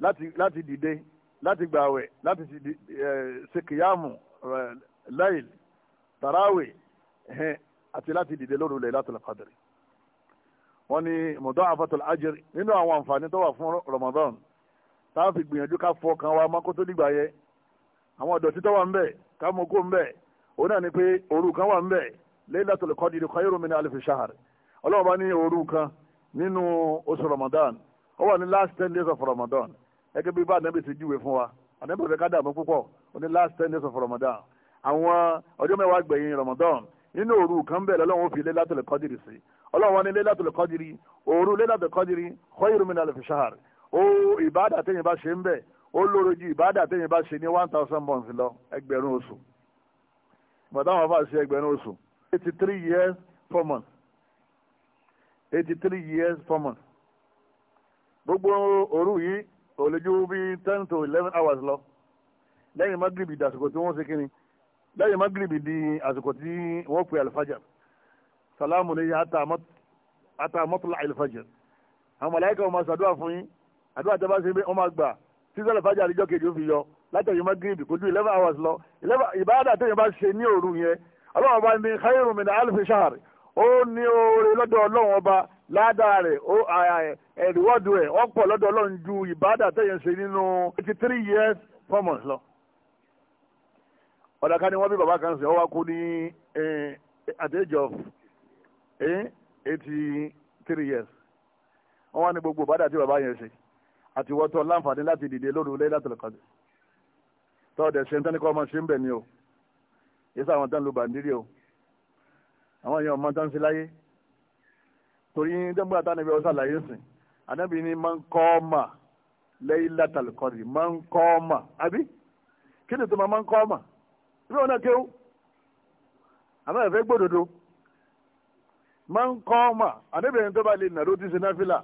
Speaker 2: láti láti dìde láti gbààwẹ̀ láti ṣe kìyàmù láìl tàràwẹ̀ àti láti dìde lóru Laylatul Qadr wọ́n ní mudha'afatul ajr nínú àwọn àǹfààní tó wà fún Ramadan táà fi gbìyànjú ká fọkàn wa mọ́kótó nígbà yẹn àwọn ọ̀dọ̀tí tó wà ń bẹ̀ kámokó ń bẹ̀ òun náà ni pé òru kan wà ń bẹ̀ Laylatul Qadr khayrun min alfi shahr ọlọ́run bá ní òru kan nínú oṣù Ramadan ó wà ní last ten days of Ramadan gẹ́gẹ́ bí bá ànábì ti júwe fún wa ànábì rẹ̀ ká dààmú púpọ̀ ó ní last ten days of Ramadan àwọn ọjọ́ mẹ́wàá gbẹ̀yìn Ramadan nínú òru kan bẹ̀ lọ́lọ́run fi Laylatul Qadr sí ọlọ́run wá ní Laylatul Qadr òru Laylatul Qadr khayrun min alfi shahr ó ìbáàdà téèyàn bá ṣe ń bẹ̀ ó lóore ju ìbáàdà téèyàn bá ṣe ní one thousand months lọ ẹgbẹ̀rún oṣù ìgbà táwọn bá ṣe ẹgbẹ̀rún oṣù eighty three years four months eighty three years four months gbogbo òru yìí ó lè ju bí ten to eleven hours lọ lẹ́yìn magribi di àsìkò tí wọ́n ṣe kíni lẹ́yìn magribi di àsìkò tí wọ́n pè alifajar salamu ni ata mọ́tòlá alifajar àwọn mọ̀láyíkà wọn máa ṣàdúrà fún yín àdúrà tẹ́ bá ṣe pé wọ́n máa gbà sísẹ́lẹ̀ fàájì àdìjọ́ kejì ó fi yọ látẹ̀yìn magrib kò ju eleven hours lọ ìbáradà téèyàn bá ṣe ní òru yẹn ọlọ́run ọba ní khairun min alfi shahr ó ní oore lọ́dọ̀ ọlọ́run ọba ládàá rẹ̀ ẹ̀rìwọ́dù rẹ̀ ọ̀pọ̀ lọ́dọ̀ ọlọ́run ju ìbáradà téèyàn ṣe nínú eighty three years four months lọ. ọ̀dà kan ni wọ́n bí bàbá kan sè ọ́ wá kú ní at the age of eighty three years wọ́n wá ní gbogbo ìbáradà tí bàbá yẹn ṣe àti wọ́tọ́ láǹfààní láti dìde lóru Laylatul Qadr tọ́ ọ̀dẹ̀ ṣe ń tán ní kọ́ ọmọ ṣe ń bẹ̀ ni o yẹ́sà àwọn tán lu bàndírí o àwọn èèyàn ọmọ tán sí láyé torí dẹ́gbà tán níbi ọ̀sán àlàyé sìn ànábì ni máa ń kọ́ ọmọ Laylatul Qadr máa ń kọ́ ọmọ àbí kí ni tó máa ń kọ́ ọmọ ìwé ọ̀nà kéwù àmọ́ ẹ̀fẹ́ gbòdodo máa ń kọ́ ọmọ ànábì tó bá lè nà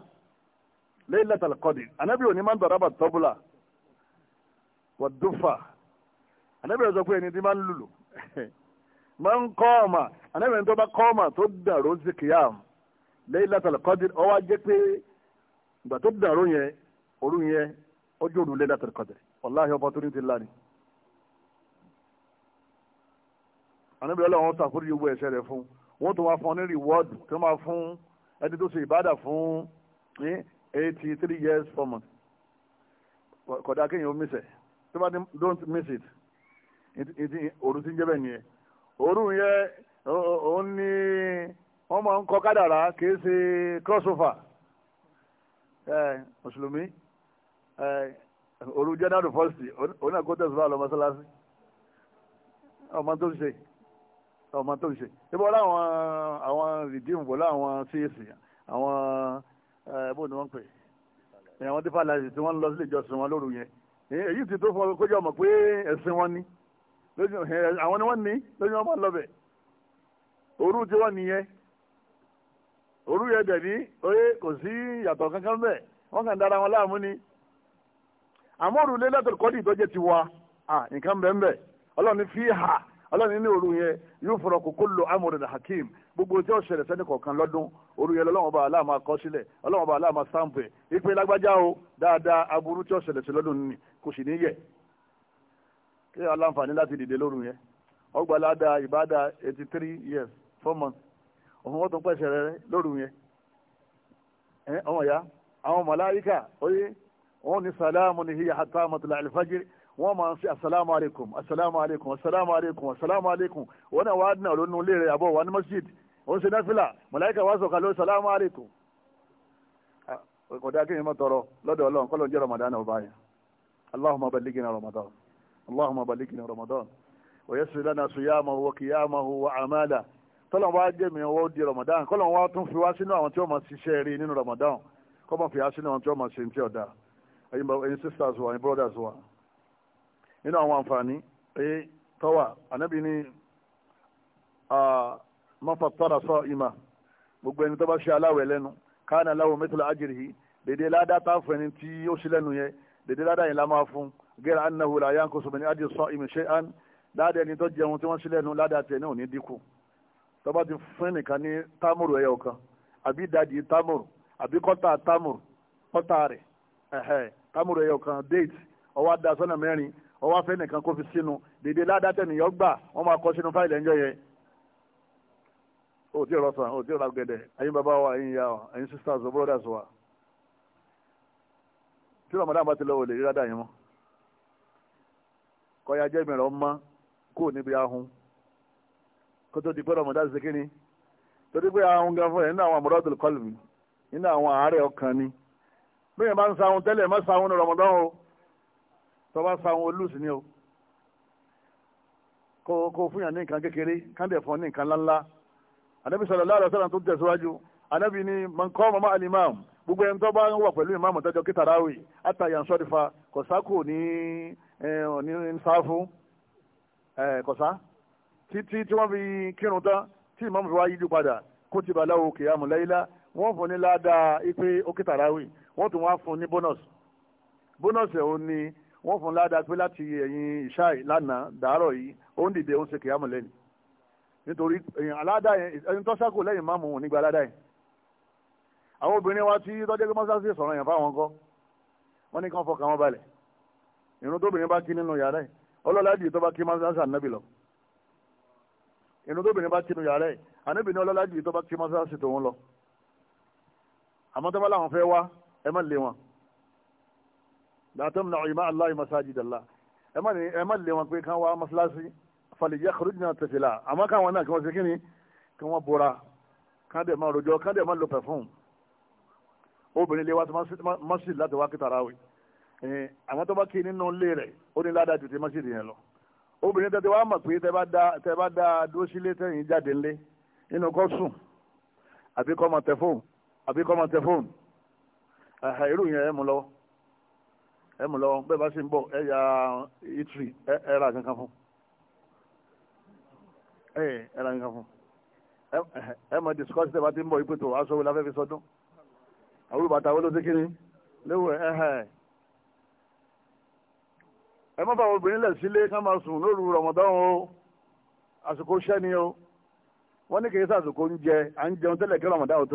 Speaker 2: Laylatul Qadr anábì òní máa ń dọ̀rọ̀ bàtà tọ́bùlà wàdúfà anábì rẹ̀ sọ pé ẹni tí máa ń lùlù máa ń kọ́ ọ̀mà anábì rẹ̀ tó bá kọ́ ọ̀mà tó dàrú sí kìyàm Laylatul Qadr ọwọ́ ajé pé ìgbà tó dàrú yẹn òru yẹn ó jòrú Laylatul Qadr wàláhì opportunity ńlá ni. anábì rẹ̀ lọ́wọ́ sàkúrú yóò wọ ẹ̀ṣẹ̀ rẹ̀ fún wọ́n tó wá fún ọ ní rìwọ́ọ̀dù tó máa fún ẹni tó ṣe ìbádà fún eh, eighty three years four months kódà kéèyàn ó miss ẹ̀ tó don't miss it òru ti ń jẹ́ bẹ́ẹ̀ nìyẹn òru yẹn òun ni wọ́n máa ń kọ kádàrá kìí ṣe crossover mùsùlùmí òru general university òun náà kó tẹ̀síwá lọ mọ́sálásí ọmọ tó ń ṣe ọmọ tó ń ṣe ṣé bọ́lá àwọn àwọn redeem bọ́lá csc àwọn. Eh, bó ni wọ́n pè é àwọn dípà láti tí wọ́n lọ sílé ìjọsìn wọn lóru yẹn eh, èyí ti tó fọ kójú ọmọ pé ẹ̀sìn wọn ni eh, àwọn ni wọ́n ní lójú ọmọ lọ́bẹ̀ òru tí wọ́n nìyẹn òru yẹn dẹ̀ ní oyè kò sí yàtọ̀ kankan bẹ́ẹ̀ wọ́n kàn dára wọn láàmú ni àmọ́ òrùlé lẹ́tọ̀ kọ́dì tó jẹ́ ti wa nǹkan bẹ́ẹ̀ bẹ́ẹ̀ ọlọ́run fi hà ọlọ́run ní òru yẹn yóò fọ̀rọ̀ kókó lo amòrìnà hakim gbogbo tí ó ṣẹlẹ̀ sẹ́ni kọ̀ọ̀kan lọ́dún orúkẹ lọ́wọ́ bá aláàmà kọ́ sílẹ̀ ọlọ́wọ́ bá aláàmà sáǹpù ẹ̀ ìpín lágbájá o dáadáa aburú tí ó ṣẹlẹ̀ sí lọ́dún nìyí kò sì ní yẹ kí aláǹfààní láti dìde lóru yẹn ọgbà ládàá ìbádà eighty three years four months òun wọ́n tún pẹ̀sẹ̀ rẹ lóru yẹn ọmọ ya àwọn màláíkà oyè wọn ní sàlámù ní hiya hatta matla alfajiri wọ́n máa ń fi asalaamu aleykum asalaamu aleykum asalaamu aleykum asalaamu aleykum wọ́n náà wàá dín náà lónú ilé rẹ̀ àbọ̀ wà ní masjid ó ń ṣe náfìlà màláíkà wá sọ̀kà lórí sàlámù àlékùm ah, kódà kí ni mo tọrọ lọ́dọ̀ ọlọ́run kọ́ ló ń jẹ́ ramadan ọba yẹn allahumma ballighna ramadan allahumma ballighna ramadan wa yassir lana siyamahu wa qiyamahu wa amala tọ́lọ́n wá jẹ́ mi wọ́n di ramadan kọ́lọ́n wá tún fi wá sínú àwọn tí wọ́n máa ṣiṣẹ́ rí nínú ramadan kọ́ máa fi wá sínú àwọn tí wọ́n máa ṣe ti ọ̀dà ẹ̀yin sisters wa ẹ̀yin brothers wa nínú àwọn àǹfààní eh, tọ́wà ànábì ní ah, mọ́fàtàrà sọ ìmà gbogbo ẹni tó bá ṣe aláwẹ̀ lẹ́nu káàní aláwọ̀ mẹ́tìlá àjèrè yìí dèdè ládà tá fún ẹni tí ó ṣe lẹ́nu yẹn dèdè ládà yẹn la máa fún gẹ́rẹ́ anahu la yá ń kó sọmọ ní àjẹ sọ ìmì ṣe án ládà ẹni tó jẹun tí wọ́n ṣe lẹ́nu ládà tẹ̀ ní òní dínkù tó bá ti fún nìkan ní támùrù ẹ̀yọ̀ kan àbí ìdajì támùrù àbí kọ́tà támùrù kọ́tà rẹ̀ ẹ̀hẹ́ támùrù ẹ̀yọ̀ kan déètì ọwọ́ adásọ́nà mẹ́rin ọwọ́ afẹ́ kó fi sínú dèdè ládà tẹ̀ níyọ́ gbà wọ́n máa kọ́ sínú fáìlì ẹ̀ńjọ́ yẹn o ti rọsàn o ti ra gẹ̀dẹ̀ ẹ̀yin bàbá wa ẹ̀yin ìyá wa ẹ̀yin sisters wa brothers wa tí ramadan bá ti lọ olè rírádà yẹn mọ́ kọ́ya jẹ́ mìíràn ọmọ kú níbi ahun kó di pé ramadan ṣe kí ni torí pé ahun gan fún ẹ̀ nínú àwọn àmúrọ́dùn kọlù mi nínú àwọn àárẹ̀ ọkàn ni bí yẹn bá ń sahun tẹ́lẹ̀ má sahun ní ramadan o tó bá sahun olùsí ni o kó fún yàn ní nǹkan kékeré kándẹ̀ fún ní nǹkan ńláńlá anabi sallallahu alaihi wasallam tó tẹ̀síwájú anabi ni mọ̀nkọ́ mọ́má alimam gbogbo ẹni tó bá ń wà pẹ̀lú imam tọ́jọ́ kí tàràwì àtàyà ń sọ́dífa kọ̀sá kò ní ní nsáfù kọ̀sá títí tí wọ́n fi kírun tán tí imam fi wá yíjú padà kó ti bàláwo kìyàmù láyílá wọ́n fún ní ládàá ipe ókè tàràwì wọ́n tún wá fún ní bónọ́sì bónọ́sì ẹ̀ ni wọ́n fún ládàá pé láti ẹ̀yìn ìṣáì lánàá dàárọ̀ yìí ó ń dìde ó ń ṣe kìyàmù lẹ́nu nítorí èèyàn aládà yẹn ẹni tó sákò lẹ́yìn máàmù òun nígbà aládà yẹn àwọn obìnrin wa tí tọ́jú pé mọ́sáàsì sọ̀rọ̀ yẹn fáwọn kọ́ wọ́n ní kàn fọkàn wọn balẹ̀ irun tóbìnrin bá kí nínú yàrá yìí ọlọ́lá jù tó bá kí mọ́sáàsì ànábì lọ irun tóbìnrin bá kí nínú yàrá yìí ànábì ní ọlọ́lá jù tó bá kí mọ́sáàsì tòun lọ àmọ́ tó bá láwọn fẹ́ wá ẹ má lé wọn látọ́mùnà ìmá aláì masáàjì dàlá ẹ má lé wọn pé kán wá mọ́sáàsì falẹ̀yẹ kọ̀rọ̀dìnà tẹ̀sílà àmọ́ káwọn náà kí wọ́n ṣe kí ni kí wọ́n bora káńdẹ̀ máa rojọ́ káńdẹ̀ máa lo pẹ̀fún obìnrin lè wá sí mọ́sí láti wá kíta ráwì àmọ́ tó bá kí nínú ilé rẹ̀ ó ní ládàá ju ti mọ́sí yẹn lọ obìnrin tẹ́tẹ́ wá mọ̀ pé tẹ́ bá dá dúró sílé tẹ́yìn jáde ńlé nínú kọ́ sùn àbí kọ́ máa tẹ fóònù àbí kọ́ máa tẹ fóònù ẹ̀hà irú yẹn ẹ̀ mú lọ́wọ́ ẹ̀ mú lọ́wọ́ bẹ́ẹ̀ bá sì ń bọ̀ ẹ̀ ya itri ẹ̀ ra kankan fún ẹ eh, era ra nǹkan fún ẹ mọ discourse tẹ boy puto aso la fẹ́ fi sọdún àwọn olùbàtà wo ló ṣe kíni léwu ẹ ẹ ẹ má fàwọn obìnrin lẹ̀ sílé ká máa sùn lóru Ramadan o àsìkò iṣẹ́ ni o wọ́n ní kì í sàsìkò oúnjẹ à je Ramadan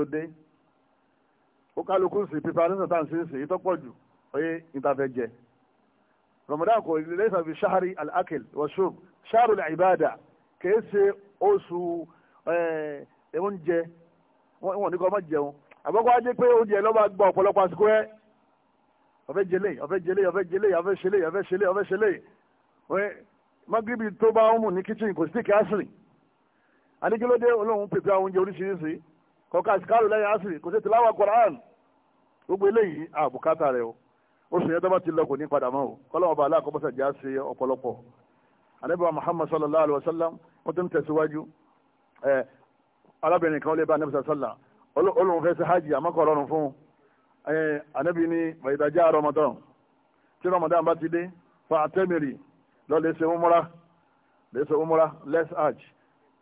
Speaker 2: Ramadan al-akil wa al-ibada. kìí ṣe oṣù oúnjẹ wọn ní kọ́ ọmọ jẹun àbọ̀kọ́ ajé pé oúnjẹ lọ́ba gba ọ̀pọ̀lọpọ̀ àsìkò ẹ̀ ọ̀fẹ́ jẹlé ọ̀fẹ́ jẹlé ọ̀fẹ́ jẹlé ọ̀fẹ́ ṣẹlé ọ̀fẹ́ ṣẹlé ọ̀fẹ́ ṣẹlé magribi tó bá ń mú ní kitchen kò sí kí asiri anikilode olóhùn pèpè àwọn oúnjẹ oríṣiríṣi kọ̀ọ̀ká àsìkárò lẹ́yìn asiri kò sí tìláwà Qur'an gbogbo eléyìí àbùkátà rẹ o oṣù yẹn tó bá ti lọ kò ní padà mọ́ o kọ́lọ́wọ́ bá aláàkọ́bọ̀sà jẹ́ ọ̀pọ̀lọpọ̀ ànábì Muhammad sallallahu alayhi wa sallam wọ́n tó ń tẹ̀síwájú ẹ̀ arábìnrin kan lè bá anabi sàlá olóhùn fẹ́ ṣe hajj àmọ́kọ̀ rọrùn fún ẹ̀ anabi ní ìdájá rọmọdán tí rọmọdán bá ti dé fa àtẹ́mìrì lọ lè ṣe umura lè ṣe umura less hajj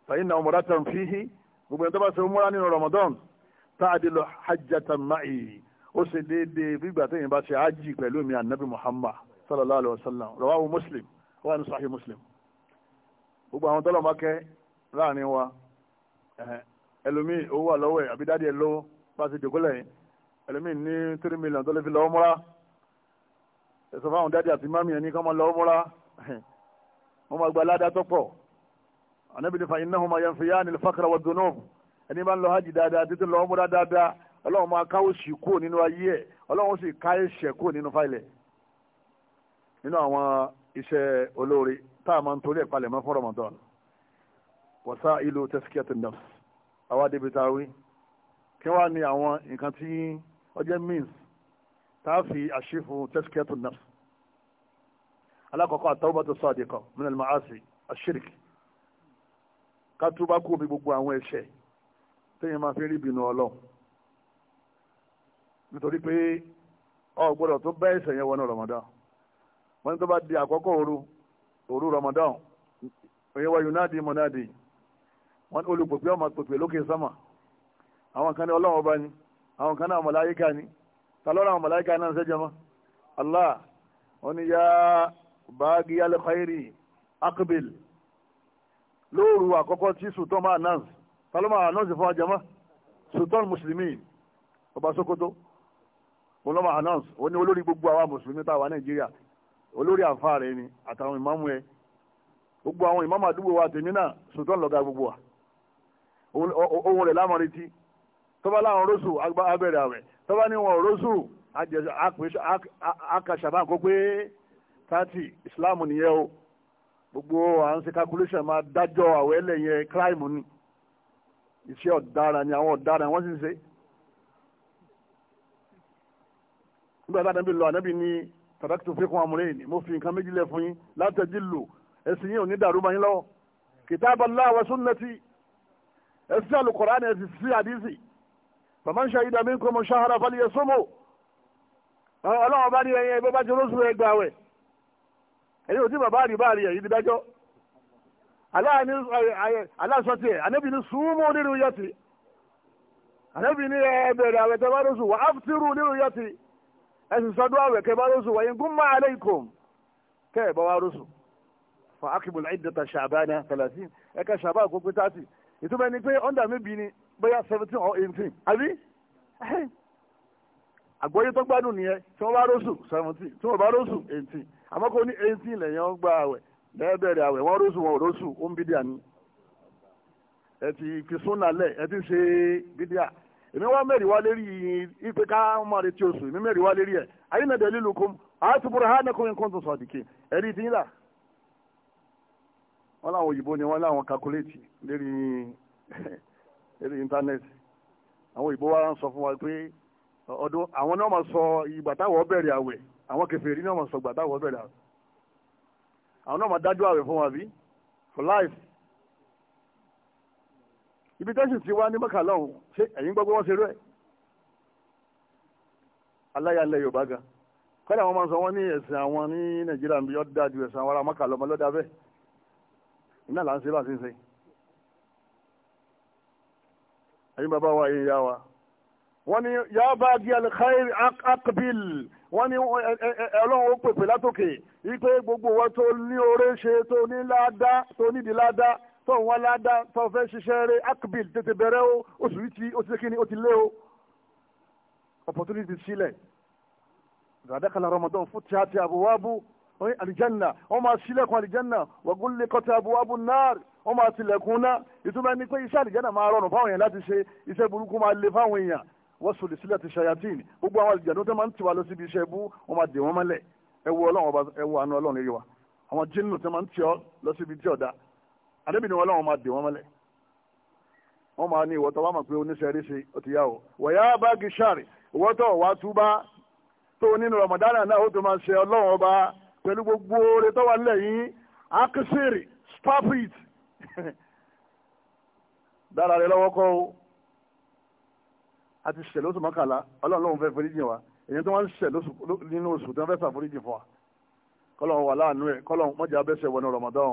Speaker 2: fàyín na umura tàn fíhí gbogbo ẹni tó bá ṣe umura nínú rọmọdán tá a di lọ hajjatan ma'i ó ṣe déédéé fígbà téèyàn bá ṣe hajj pẹ̀lú mi anabi muhammad sallallahu alayhi wa sallam rawahu muslim wa anu sahih muslim gbogbo àwọn tọ́lọ̀ máa kẹ́ láàrin wa ẹlòmíì owó wà lọ́wọ́ ẹ̀ àbí dáadé ẹ̀ lọ́wọ́ bá a ṣe jòkó lẹ́yìn ẹlòmíì ní three million tó lè fi lọ́wọ́ múra ẹ̀sọ́ fáwọn dáadé àti mami ẹ̀ ní kọ́ máa lọ́wọ́ múra wọ́n máa gba aládàá tó pọ̀ ànábìdì fàyín náà máa yẹn fi yá nílùú fàkàrà wà dùnú ẹni bá ń lọ hajj dáadáa títí lọ́wọ́ múra dáadáa ọlọ́run máa káwó sì kúrò nínú ayé ẹ̀ ọlọ́run sì ká ẹ̀ṣẹ̀ kúrò nínú fáìlẹ̀ nínú àwọn iṣẹ́ olóore tá a máa ń torí ẹ̀ palẹ̀ mọ́ fún Ramadan wọ́sá ìlú tẹ́síkẹ́tì nọ́ọ̀s àwa débi tá a wí kí wàá ní àwọn nǹkan tí ọjọ́ means tá a fi àṣìfù tẹ́síkẹ́tì nọ́ọ̀s alákọ̀ọ́kọ́ àtàwùbátò sọ́ọ̀dìkọ̀ minal maasi àṣírìkì ká túbá kú omi gbogbo àwọn ẹ̀ṣẹ̀ téèyàn máa fi rí ìbínú ọlọ́ nítorí pé o gbọ́dọ̀ tó bá ẹ̀ṣẹ̀ yẹn wọnú Ramadan wọ́n ní tó bá di àkọ́kọ́ òru òru Ramadan òye wa yunadi monadi wọ́n ní olùpòpè ọmọ pòpè lókè sámà àwọn kan ní ọlọ́run ọba ni àwọn kan náà màláíkà ni talọ́rọ̀ àwọn màláíkà náà sẹ́jọ́ mọ́ Allah wọ́n ya baagi báàgì alẹ́kọ̀ẹ́rì akubil lóòrù àkọ́kọ́ tí sultan máa announce talọ́ máa announce fún ajamọ́ sultan muslimin ọba Sokoto òun lọ́ máa announce òun ni olórí gbogbo àwa mùsùlùmí táwa Nàìjíríà olórí àfa rẹ ni àtàwọn ìmáàmù ẹ gbogbo àwọn ìmáàmù àdúgbò wa tèmi náà sultan lọ́gà gbogbo wa ohun rẹ̀ lámọ̀ retí tọ́ba láwọn rọ́ṣù abẹ́rẹ́ àwẹ̀ tọ́ba ní wọn rọ́ṣù akàṣàbá kó pé thirty islam nìyẹn o gbogbo à ń ṣe calculation máa dájọ́ àwẹ̀ lẹ́yìn crime ni iṣẹ́ ọ̀daràn ni àwọn ọ̀daràn wọ́n sì ń ṣe nígbà tí ànábì lọ ànábì ní tàdákì tó fi kún amúrẹ́ ni mo fi nǹkan méjì lẹ̀ fún yín látẹ̀jì lò ẹ̀sìn yín ò ní dàrú báyìí lọ́wọ́ kitaballahi wa sunnati ẹ̀sìn àlùkùránì ẹ̀sìn sí àdìsí faman shahida minkum shahra falyasumhu ọlọ́wọ́ bá ní ẹyẹ bó bá jẹ́ olóṣù rẹ̀ gbà wẹ̀ èyí ò tí bàbá rí bá rí ẹ̀yí ti dájọ́ aláṣọtì ẹ̀ anábì ní súnmọ́ nínú yọtì anábì ní ẹ̀ bẹ̀rẹ̀ àwẹ̀tẹ̀ bá lóṣù wà á fi tírú nínú yọtì. ẹsìn sọdún àwẹ̀ kẹ rọ́sù wọ̀nyí gúnmọ́ aleikum kẹ ẹ bá wá rọ́sù fún akíbùlà ìdẹ̀tà ṣàbánà tàlàtì ẹ̀ka ṣàbá àkókò tààtì ìtumọ̀ ni pé ọ̀ndà mi bì ní bóyá seventeen or eighteen àbí àgbọ̀yé tó gbádùn nìyẹn tí wọ́n bá rọ́sù seventeen tí wọ́n bá rọ́sù eighteen àmọ́ kò ní eighteen lẹ́yìn gba àwẹ̀ lẹ́ẹ̀bẹ̀rẹ̀ àwẹ̀ wọ́n rọ́sù wọn rọ́sù ó ni ti fi súnà lẹ̀ èmi wá mẹ́rin wá lérí yìnyín ipe ká máa retí oṣù èmi mẹ́rin wá lérí ẹ̀ ayé nàdẹ̀ lílu kum àti burhanakum in kuntum sadiqin ẹ̀rí ti ń là wọ́n láwọn òyìnbó ni wọ́n láwọn kakuléètì lérí lérí íńtánẹ́ẹ̀tì àwọn òyìnbó wa ń sọ fún wa pé ọdún àwọn náà máa sọ ìgbà táwọn bẹ̀rẹ̀ àwẹ̀ àwọn kèfèrí náà máa sọ ìgbà táwọn bẹ̀rẹ̀ àwẹ̀ àwọn náà máa dájú àwẹ̀ fún wa bí for life ibi tẹ́sí ti wá ní mọ́kà lọ́hùn ṣé ẹ̀yin gbọ́ pé wọ́n ṣe rẹ̀ aláyàlẹ̀ yorùbá gan kọ́lá àwọn máa sọ wọ́n ní ẹ̀sìn àwọn ní nàìjíríà ń bí ọ́dà ju ẹ̀sìn àwọn ará mọ́kà lọ́mọ lọ́dà bẹ́ẹ̀ iná là ń ṣe bá ṣe ń ṣe ẹ̀yin bàbá wa ẹ̀yin yá wa wọ́n ní yàá bá di alkhair akbil wọ́n ní ọlọ́run ó pèpè látòkè yí pé gbogbo wa tó ní oore ṣe tó ní ládá tó nídìí ládá tó ń wá ládá tó ń rẹ akbil tètè bẹ̀rẹ̀ o oṣù yìí ti o ti kí o ti lé o opportunity sílẹ̀ gbàdákàlà ramadan fún tíátí àbúwábù alìjánà wọ́n máa sílẹ̀kùn alìjánà wàgúnlé kọ́tà àbúwábù náà wọ́n máa tilẹ̀kùn náà ìtumọ̀ ni pé iṣẹ́ àlìjánà máa rọrùn fáwọn èèyàn láti ṣe iṣẹ́ burúkú máa le fáwọn èèyàn wọ́n sòlè sílẹ̀ ti ṣayatin gbogbo àwọn àlìjánà tó máa ń tiwa lọ síbi iṣẹ́ bú wọ́n máa dè wọ́n mọ́lẹ̀ ẹ wo ọlọ́run ọba ẹ wo àánú ọlọ́run yìí wa àwọn jínnù tó máa ń tiọ́ lọ síbi tí ọ̀dà àdébì ni wọn lọ́wọ́ máa dè wọ́n mọ́lẹ̀ wọ́n máa ní ìwọ́tọ̀ wá mọ̀ pé oníṣẹ́ rí ṣe ó ti yá o wọ̀yá bá gíṣàrì ìwọ́tọ̀ wá túbá tó nínú Ramadan náà ó tó máa ṣe ọlọ́run ọba pẹ̀lú gbogbo oore tó wà lẹ́yìn akísírì spapit dára rẹ lọ́wọ́ kọ́ o a ṣẹ̀ lóṣù mọ́kànlá ọlọ́run fẹ́ foríjì wa èyí tó wọ́n ń ṣẹ̀ nínú oṣù tó wọ́n fẹ́ ṣàforíjì fún wa kọ́lọ́run wà láàánú ẹ̀ kọ́lọ́run mọ́jà abẹ́sẹ̀ wọnú Ramadan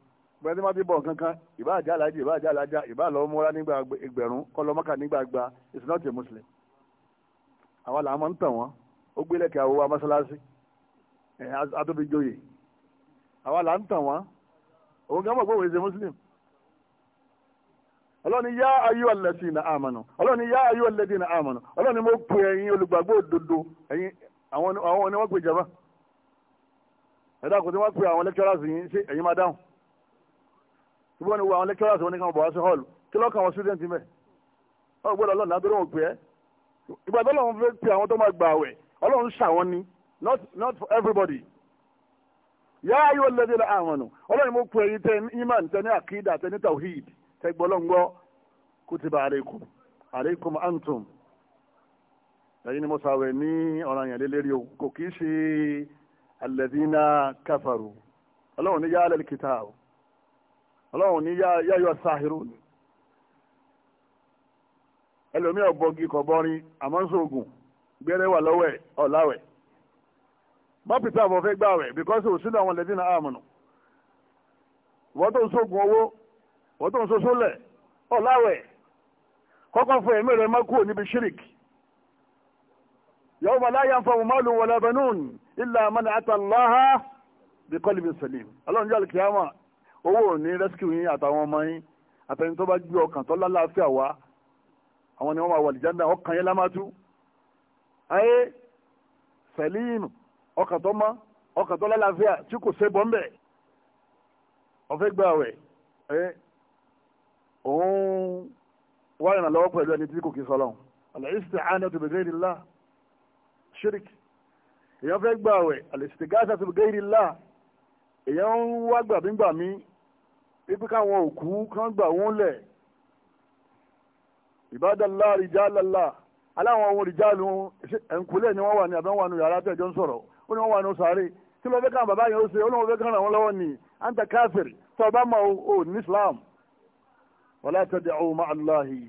Speaker 2: bẹ́ẹ̀ ni wọ́n bụ bọ̀ kankan ìbá àjà alájà ìbá àjà alájà ìbá lọ múra nígbà ẹgbẹ̀rún nígbà gba is not a muslim àwọn làwọn ń tàn wọ́n ó gbé lẹ́kẹ̀ẹ́ àwòwá mọ́sálásí ẹ̀ adóbijoyè àwọn là tàn wọ́n muslim ọlọ́ni yá ayé ọ̀lẹ́sìn iná àmànà ọlọ́ni yá ayé ọ̀lẹ́dìn ọlọ́ni mo ẹ̀yin olùgbàgbọ́ òdodo ẹ̀yin àwọn ni wọ́n ẹ̀dá kò ìbọn ni wo àwọn lẹ́kẹ́rọ̀ àti wọn ní káwọn ọ hall kí lọ́ọ̀kan àwọn student mẹ́ ọ gbọ́dọ̀ ọlọ́run àdúrà wọn pé ìgbà tó lọ́run fẹ́ pe àwọn tó máa gbà ọlọ́run ṣàwọn ni not not for everybody yá ayé olóde la àwọn nù ọlọ́run mo pè é tẹ iman tẹ akida tẹ ní tawhid tẹ gbọ́ lọ́n gbọ́ kutiba aleikum aleikum antum ni mo sàwẹ̀ ní ọ̀ràn yẹn o kò kì í ṣe ọlọ́run yá ọlọ́run ní yáyọ sáhírù ni ẹlòmí ọ̀bọ̀gì kọ̀bọ́rin àmọ́sọ̀gùn gbẹ́rẹ́ wà lọ́wọ́ ẹ̀ ọ̀láwẹ̀ má pìtà àbọ̀ fẹ́ gbàwẹ̀ bíkọ́sì òsínú àwọn lẹ́dí náà àmọ̀nà wọ́n tó ń sógun owó wọ́n tó ń so sólẹ̀ ọ̀láwẹ̀ kọ́kọ́ fún ẹ̀mí rẹ̀ má kúrò níbi shirik yawma la yanfa'u malun wala banun illa man ata Allaha biqalbin salim ọlọ́run jọ́ àlùkìyàmọ̀ owó ò ní rescue yín àtàwọn ọmọ yín àtẹni tó bá gbé ọkàn tó lálàáfíà wá àwọn ni wọ́n máa wà lìjánà ọkàn yẹn lámàtú ayé sẹ̀líìmù ọkàn tó mọ́ ọkàn tó lálàáfíà tí kò ṣe bọ́ mbẹ̀ ọ̀fẹ́ gbà wẹ̀ ẹ
Speaker 1: òun
Speaker 2: wà ìrànlọ́wọ́ pẹ̀lú ẹni tí kò kí sọlọ́hún al-isti'anatu bi ghayri Allah shirik èèyàn fẹ́ gbà wẹ̀ al-istighathatu bi ghayri Allah èèyàn ń wá gbà ibi káwọn òkú kan gbà wọ́n lẹ̀ ìbádàlá rìjálàlá aláwọn ohun rìjálù ẹ̀ǹkúlẹ̀ ni wọ́n wà ní àbẹ́wọ̀n ànú yàrá tẹ̀jọ́ ń sọ̀rọ̀ ó ní wọ́n wà ní sàárè tí wọ́n fẹ́ káwọn bàbá yẹn ó ṣe ó ní wọ́n fẹ́ káwọn àwọn lọ́wọ́ ni anta káfíìr tó o bá mọ̀ o ní islam wàlá tẹ̀dẹ̀ ọ̀hún máa láhi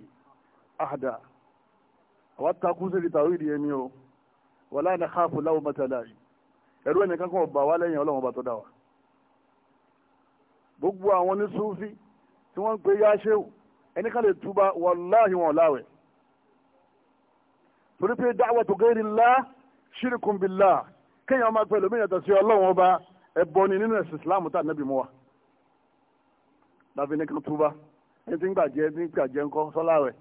Speaker 2: àhàdà àwa takú sí ìtàwí ìdí ẹni o wàlá ní káfù láwùmọ́tàlá yìí ẹ̀rú ẹnìkan kan ọba wa lẹ́yìn ọlọ́run ọba tó dá wa gbogbo àwọn ní sufi tí wọ́n ń pe yá ṣéwù ẹni kan lè túbà wàláhì wọn láwẹ̀ torí pé dáwà tó gẹ́rì ńlá ṣírìkùn billah kéèyàn máa pẹ̀lú mí yàtọ̀ sí ọlọ́run ọba ẹ̀bọ ni nínú ẹ̀sìn islam tá nẹ́bí mu wa láfi ní kan túbà ẹni tí ń gbàjẹ́ ẹni tí ń gbàjẹ́ ńkọ́ sọ́láwẹ̀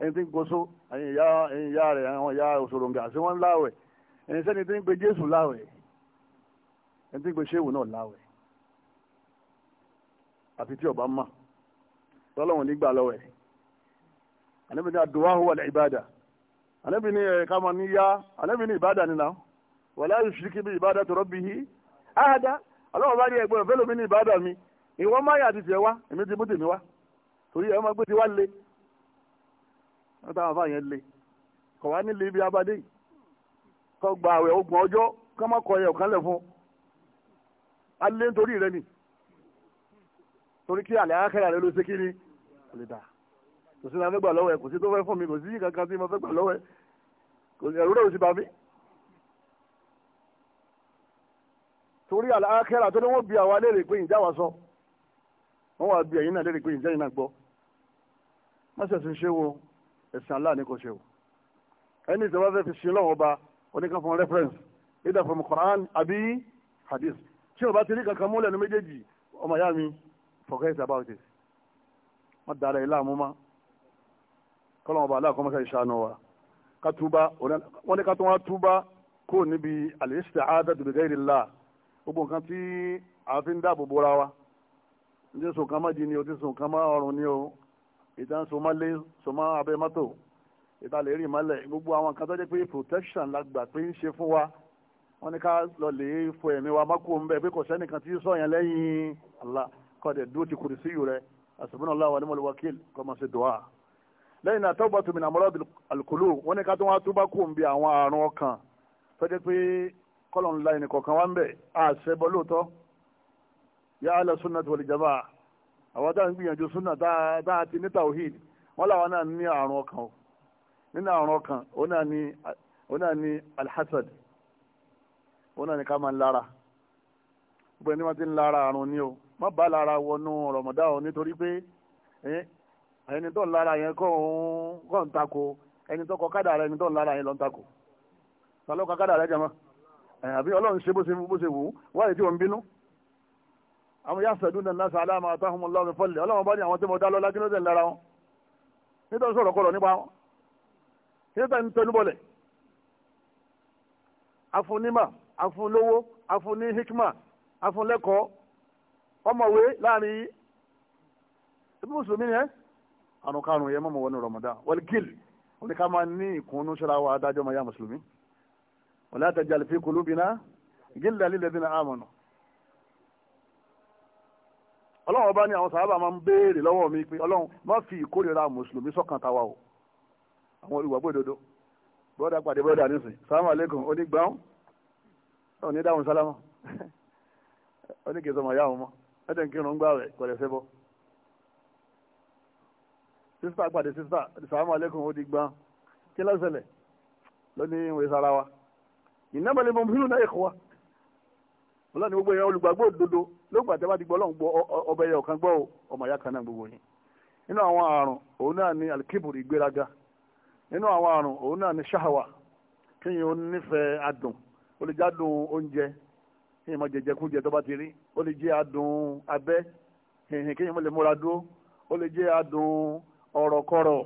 Speaker 2: ẹni tí ń gbóso ẹ̀yìn ìyá ẹ̀yìn ìyá rẹ̀ àwọn ìyá òṣòròǹgà sí wọ́n láwẹ̀ ẹ̀yìn sẹ́ni tí ń pe jésù láwẹ̀ ẹni tí ń pe ṣéwù náà láwẹ̀ àti tí ọba mma, tọ́lọ́wọ̀n nígbà lọ́wọ́ ẹ̀ ànábì ní àdúà huwa al-ibada ànábì ní ẹ̀ka mọ̀ ní yá ní nínà wala yushriku bi ibadati rabbihi ahada ọlọ́wọ́n bá rí ẹgbẹ́ ọ̀fẹ́ lómi ní mi ìwọ máa àti tiẹ̀ wá èmi ti mú tèmi wá torí máa le wọ́n táwọn kọ̀ wá gba torí kí àlẹ́ àkàrà rẹ ló ṣe kíni kò lè dà kò sí ní afẹ́ gbà lọ́wọ́ ẹ kò sí tó fẹ́ fún mi kò sí kankan tí mo fẹ́ gbà lọ́wọ́ ẹ kò sí ẹ̀rú rẹ̀ ò sí bá mi. torí àlẹ́ àkàrà tó ní wọ́n bí àwa léèrè pé ìjà wa sọ wọ́n wá bí ẹ̀yin náà léèrè pé ìjà yìí náà gbọ́ mọ́sẹ̀sìn ṣe wo ẹ̀sìn Allah ni kò ṣe o ẹni ìjọba fẹ́ fi ṣe lọ́wọ́ ọba oníkan fún reference either from Quran àbí hadith tí o bá ti rí kankan múlẹ̀ ní méjèèjì ọmọ ìyá mi forget about it wọ́n dára ilé àmúmá kọ́lọ̀ ọba aláàkọ́ mọ́sá ìṣàánú wa ká túbá wọ́n ní ká tó wá túbá kó níbi al-isti'adatu bi ghayri Allah gbogbo nǹkan tí a fi ń dáàbò bora wa ní sùn kan má jí ni o ti sùn kan má ọrùn ni o ìta ń sùn má lé sùn má abẹ́ mọ́tò ìta lè rí ìmọ́lẹ̀ gbogbo àwọn nǹkan tó jẹ́ pé protection la gbà pé ń ṣe fún wa wọ́n ní ká lọ lè fọ ẹ̀mí wa má kú òun bẹ́ẹ̀ pé kò sẹ́nìkan tí sọ yẹn lẹ́yìn Allah kọ́ dẹ̀ dúró ti kùrìsí yìí rẹ̀ hasbunallahu wa ni'mal wakil kọ́ máa ṣe dùá. lẹ́yìn náà tawbatu min amrad al-qulub wọ́n ní ká tó wá túbá kù ń bi àwọn àrùn ọkàn tó jẹ́ pé kọ́lọ̀ ńlá ẹnì kọ̀ọ̀kan wá ń bẹ̀ àṣẹ bọ́ lóòótọ́ ya ala sunnati wal jamaa àwọn táwọn gbìyànjú súnà tá a ti ní tawhid wọ́n làwọn náà ní àrùn ọkàn o nínú àrùn ọkàn òun náà ní alhassad òun náà ní ká máa ń lára gbogbo ẹni wọ́n ti ń lára àrùn ní o má bá lára wọnú rọ̀mọ̀dá o nítorí pé ẹni tó ń lára yẹn kọ́ ń tako ẹni tó kọ kádà rẹ ẹni tó ń lára yẹn lọ ń tako ta ló kọ kádà rẹ jama àbí ọlọ́run ṣe bó ṣe bó ṣe wù ú wáyé tí wọ́n bínú àwọn yà sẹ́dún náà náà sàlá àmà àtàwọn ọmọlá mi fọ́lẹ̀ ọlọ́run bá ní àwọn tí mo dá lọ́lá kí lára wọn nítorí sọ̀rọ̀ kọ̀rọ̀ nípa wọn kí ọmọwé láàrin ibi mùsùlùmí ni ẹ àrùn karùn yẹn mọ̀mọ́ wọnú Ramadan wal gil wọn ni ká máa ní ìkùnnú ṣọra wa adájọ́ ọmọ ya mùsùlùmí wala tajal fi qulubina gillan lil ladina amanu ọlọ́run ọba ní àwọn sàábà máa ń béèrè lọ́wọ́ mi pé ọlọ́run má fi ìkórìíra mùsùlùmí sọ́kàn tàwa o àwọn olùgbàgbọ́ òdodo bọ́dà pàdé bọ́dà nísìn sàlámù aleykum onígbàún onídàáhùn sálámù oníkèésọ́mọ̀ yá àwọn ọmọ ẹ̀dẹ̀ ń gbà rẹ̀ kọ̀lẹ̀ fẹ́ bọ́ sísítà pàdé sísítà sàmú alẹ́kùn ó di gbọ́n kí lọ́sẹ̀lẹ̀ lónìí ìwé sara wa ìnábàlẹ̀ mọ̀ mùsùlùmí náà ẹ̀kọ́ wa wọn láti gbogbo yẹn olùgbàgbọ́ òdodo lóògbà tí a bá ti gbọ́ lọ́n gbọ́ ọbẹ̀ yẹn ọ̀kan gbọ́ ọmọ ìyá kan náà gbogbo yẹn nínú àwọn àrùn ni alikibur ìgbéraga nínú àwọn àrùn ni ṣahawa kínyìn ó nífẹ̀ẹ́ adùn ó lè jádùn èèmọ̀ jẹjẹkújẹ tó bá ti rí ó lè jẹ́ adùn abẹ́ hìhìn kéèyàn mọ̀ lè múra dúró ó lè jẹ́ adùn ọ̀rọ̀kọ̀rọ̀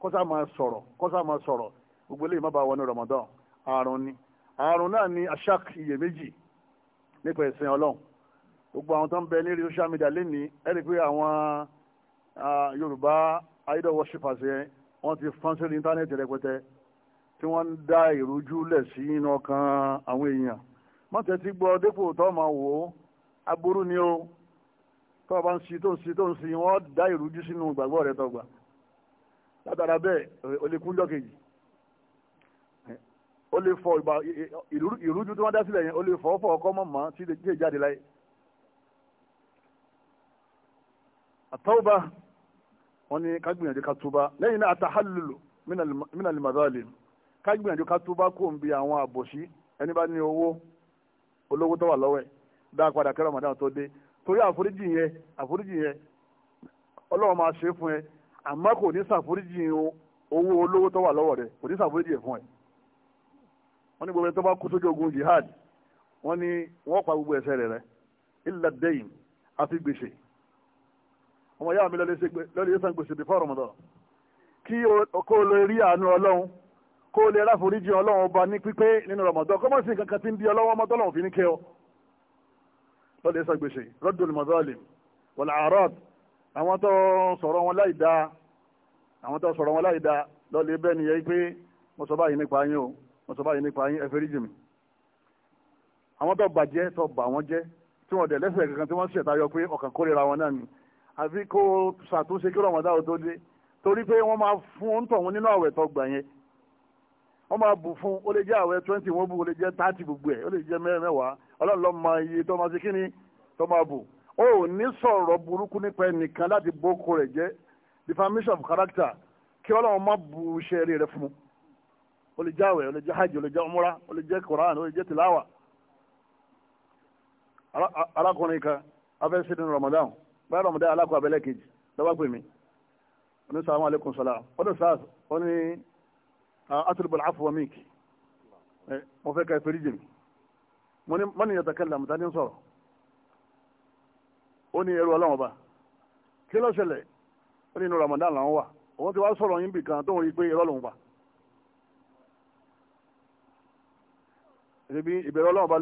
Speaker 2: kọ́sà máa sọ̀rọ̀ kọ́sà máa sọ̀rọ̀ gbogbo eléyìí má bàa wọnú Ramadan àrùn ni àrùn náà ni ashak iyèméjì nípa ẹ̀sìn ọlọ́run gbogbo àwọn tó ń bẹ lérí social media lénìí ẹ rí i pé àwọn Yorùbá idol worshippers yẹn wọ́n ti fọ́n sórí íńtánẹ́ẹ̀tì rẹpẹtẹ tí wọ́n ń dá ìrújú lẹ̀ sí inú ọkàn àwọn èèyàn mọ́tẹ́ ti gbọ́ dépò tó máa wò ó aburú ni ó tó bá ń si tó ń si tó ń si wọ́n dá ìrújú sínú ìgbàgbọ́ rẹ tọgbà látara bẹ́ẹ̀ o lè kúnjọ́ kejì o lè fọ ìrújú tí wọ́n dá sílẹ̀ yẹn o lè fọ́ fọ́ ọkọ́ mọ̀mọ́ tí ìdíje jáde láyé. àtọ́wọ́bá wọn ni ká gbìyànjú ká túbá lẹ́yìn náà àtàhálùlù mínàlì màdàlì ká gbìyànjú ká túbá kò ń bi àwọn àbòsí ẹni bá ní owó olówó tó wà lọ́wọ́ ẹ̀ dá padà kí Ramadan tó dé torí àforíjì yẹn àforíjì yẹn ọlọ́run máa ṣe fún ẹ àmọ́ kò ní ṣàforíjì owó olówó tó wà lọ́wọ́ rẹ̀ kò ní ẹ̀ fún ẹ wọ́n ní gbogbo ẹni tó bá ogun jihad wọ́n ní wọ́n pa gbogbo ẹ̀ṣẹ̀ rẹ àti gbèsè ọmọ yàrá mi kí kó o lè ráforíjì ọlọ́run ọba ní pípé nínú rọmọdọ́ kọ́mọ̀ sí nǹkan kan tí ń di ọlọ́wọ́ ọmọ tọ́lọ́run fi ní kẹ́ ọ. lọ́dẹ sọ gbèsè rọ́dùn mọ́tọ́lì wọ́n àárọ̀ àwọn tó sọ̀rọ̀ wọn láì dáa àwọn tó sọ̀rọ̀ wọn láì dáa lọ́dẹ bẹ́ẹ̀ ni yẹ pé mo sọ báyìí nípa yín o mo sọ báyìí nípa yín ẹ foríjì mi. àwọn tó bàjẹ́ tó bà wọ́n jẹ́ tí wọ́n dẹ̀ lẹ́sẹ̀ kankan tí wọ́n ṣètayọ pé ọ̀kan kórìíra wọn náà ni àfi kó ṣàtúnṣe kí rọmọdá ò tó dé torí pé wọ́n máa fún òǹtọ̀ nínú àwẹ̀ tó gbà yẹn wọ́n máa bù fún ó lè jẹ́ àwẹ̀ twenty wọ́n bù ó lè jẹ́ thirty gbogbo ẹ̀ ó lè jẹ́ mẹ́wàá ọlọ́run ló mọ iye tó máa ṣe kí ni tó máa bù ó ní sọ̀rọ̀ burúkú nípa ẹnìkan láti bókó rẹ̀ jẹ́ defamation of character kí ọlọ́run má bu iṣẹ́ rí rẹ fún un ó lè jẹ́ àwẹ̀ ó lè jẹ́ hajj ó lè jẹ́ umra ó lè jẹ́ koran ó lè jẹ́ tilawa arákùnrin kan afẹ́ sí ní ramadan báyà ramadan alákùn abẹ́lẹ́ kejì lọ́wọ́ pè mí oníṣàwọn atulubul afuwa miki mo fẹ́ ka ìfẹ́rí jèmi mo ní yàtàkẹ́lẹ̀ àmì tani sọ̀rọ̀ ó ní ẹrú ọlọ́wọ́n ba kí ló ṣẹlẹ̀ ó ní Ramadan làwọn wà òun ti wá sọ̀rọ̀ kan tó ń rí i pé irọ́ lòun pa. ìbí ìbẹ̀rẹ̀ ọlọ́wọ́n ba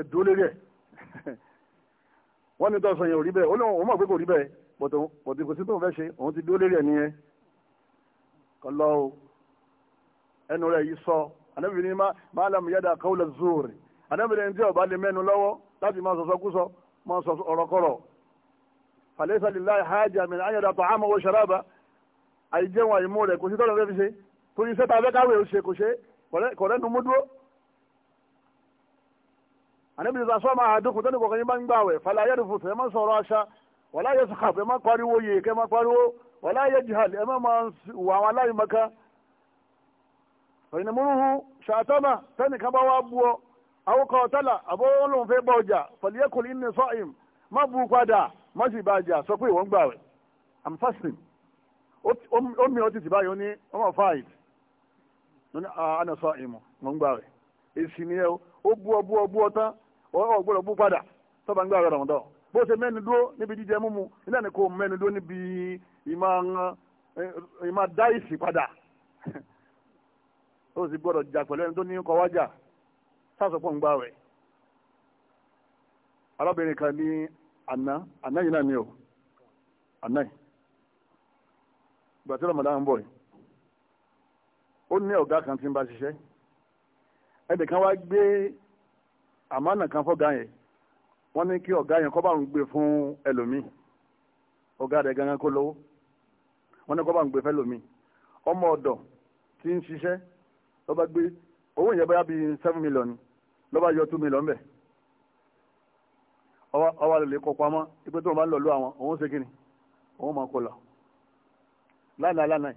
Speaker 2: fi gbè wọ́n ní tó sọ yẹn ò rí bẹ́ẹ̀ ó lóun òun mọ̀ pé kò rí bẹ́ẹ̀ pọ̀tù kò sí tóun fẹ́ ṣe òun ti dúró lérí ẹ̀ nìyẹn kọ́ lọ o ẹnu rẹ̀ yìí sọ anábìrin ní máa làmú yàda kọ́wọ́lẹ̀ zúrì anábìrin tí ọba lè mẹ́nu lọ́wọ́ láti máa sọ̀sọ́ kúsọ máa sọ ọ̀rọ̀kọ̀rọ̀ fàlẹ́sà lílá hajj min ayọ̀dà tó àmọ́ ṣàràbà àìjẹun àìmú rẹ̀ kò sí tọ́lọ̀ a fẹ́ káwé ò ṣe kò ṣe kọ̀rẹ́nu mú ànábì sọ sọ́mà àdókùn tó ní kọ̀ọ̀kan yín bá ń gbà wẹ̀ fàlà ayé rufus ẹ má sọ̀rọ̀ àṣà wàlá yẹ sùkàf ẹ má pariwo yè kẹ má pariwo wàlá yẹ jihal ẹ má má wà wọn láyé maka fẹ̀yìnmúruhu ṣàtọ́nà tẹ́nìkan bá wá bu ọ awokọ̀ ọ̀tálà àbọ̀ olóhùn fẹ́ bá ọjà fàlíyẹ́kùn ní sọ́ìm má bu padà má sì bá ọjà sọ pé ìwọ́n gbà wẹ̀ i'm fasting O mi o ti báyìí ó ní ọmọ five ló ní àánà sọ́ìm mọ̀ ń gbà wẹ̀ èsì nìyẹn ó bu ọ bu ọ gbọ́dọ̀ bú padà tọ́ba ń gbà rẹ̀ rọ̀mọ́dọ́ bó ṣe mẹ́nu dúró níbi jíjẹ múmu ilé ẹni kò mẹ́nu dúró níbi ìmọ̀ dáìsì padà ó sì gbọ́dọ̀ jà pẹ̀lú ẹni tó ní kọ́ wájà sásọpọ̀ ń gbà rẹ̀ arábìnrin kan ní àná àná yìí náà ni o àná yìí ìgbà Ramadan ń bọ̀ yìí ó ní ọ̀gá kan tí ń bá ṣiṣẹ́ ẹnìkan wá gbé àmánà kan fọ́gá yẹn wọ́n ní kí ọ̀gá yẹn kọ́ bá ń gbé fún ẹlòmíì ọ̀gá rẹ̀ gangan kó lówó wọ́n ní kọ́ bá ń gbé fún ẹlòmíì ọmọ ọ̀dọ̀ tí ń ṣiṣẹ́ ló bá gbé owó yẹn bóyá bíi seven million ló bá yọ two million bẹ́ẹ̀ ọwọ́ àlọ́ lè kọ́ pamọ́ ipé tó wọn bá ń lọ lọ àwọn òun ṣe kíni òun máa kó lọ lánàá lánàá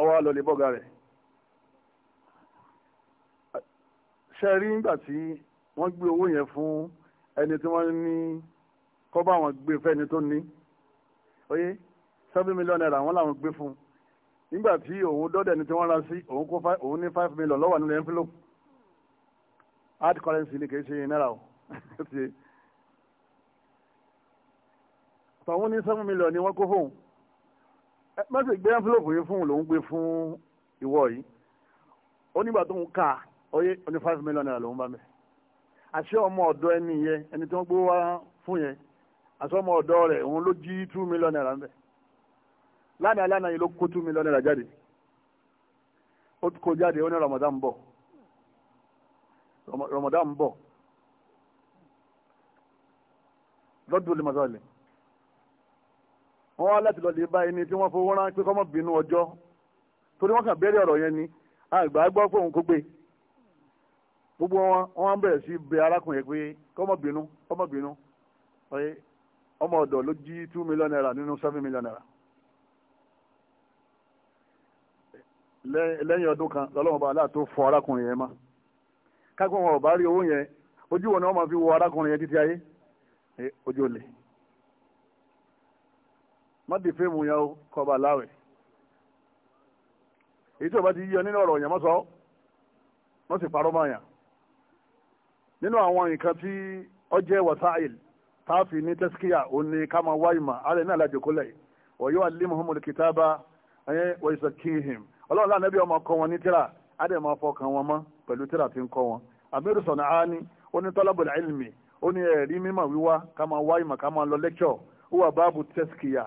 Speaker 2: ọwọ́ àlọ́lẹ̀ bọ́gà rẹ̀ ṣe rí nígbà tí wọ́n gbé owó yẹn fún ẹni tí wọ́n ní kọ́ bá wọn gbé fẹ́ni tó ní oyé seven million naira wọ́n làwọn gbé fún nígbà tí òun dọ́dẹ̀ ni tí wọ́n ra sí òun kó òun ní five million lọ́wọ́ nílẹ̀ envelope hard currency ni kìí ṣe náírà o tàwọn ní seven million ni wọ́n kó fóun mọ́sẹ̀ gbé ẹ́ńfílọ́pù yìí fún lòún gbé fún ìwọ yìí ó nígbà tó ń ka oyé oní five million naira lòún bá mẹ́ àṣẹ ọmọ ọ̀dọ́ ẹni yẹn ẹni tí wọ́n gbé wá fún yẹn àṣẹ ọmọ ọ̀dọ́ rẹ̀ òun ló jí two million naira mẹ́ lánàá lánàá yìí ló kó two million naira jáde ó kó jáde ó ní Ramadan ń bọ̀ Ramadan ń bọ̀ lọ́dún olè mọ́tò ọ̀lẹ́ wọ́n wá láti lọ lè bá ẹni tí wọ́n fowó rán pé kọ́mọ́ bínú ọjọ́ torí wọ́n kàn bẹ̀rẹ̀ ọ̀rọ̀ yẹn ni àgbà gbọ́ pé òun kò gbé gbogbo wọn wọ́n bẹ̀rẹ̀ sí bẹ̀ arákùnrin pé kọ́mọ́ bínú kọ́mọ́ bínú ọmọ ọ̀dọ̀ ló jí two million naira nínú seven million naira lẹ́yìn ọdún kan lọ́lọ́mọba aláàtó fọ arákùnrin yẹn mọ́ wọn ò bá rí owó yẹn ojú wọn ni wọ́n máa fi wọ arákùnrin yẹn títí ayé ojú má dè fíìmù yẹn o kọba láwẹ̀ èyí tí o bá ti yíyan nínú ọ̀rọ̀ yẹn mọ́ sọ wọ́n sì parọ́ mọ́ yẹn nínú àwọn nǹkan tí ọjẹ́ wasail táàfì ní ní alẹ́ wọ́n yóò alẹ́ kitaba ẹ̀yẹ wọ́n sọ kíhìm ọlọ́run láàánú ẹbí ọmọ kọ́ wọn ní tíra adé máa amiru ilmi ẹ̀rí mímọ̀ wíwá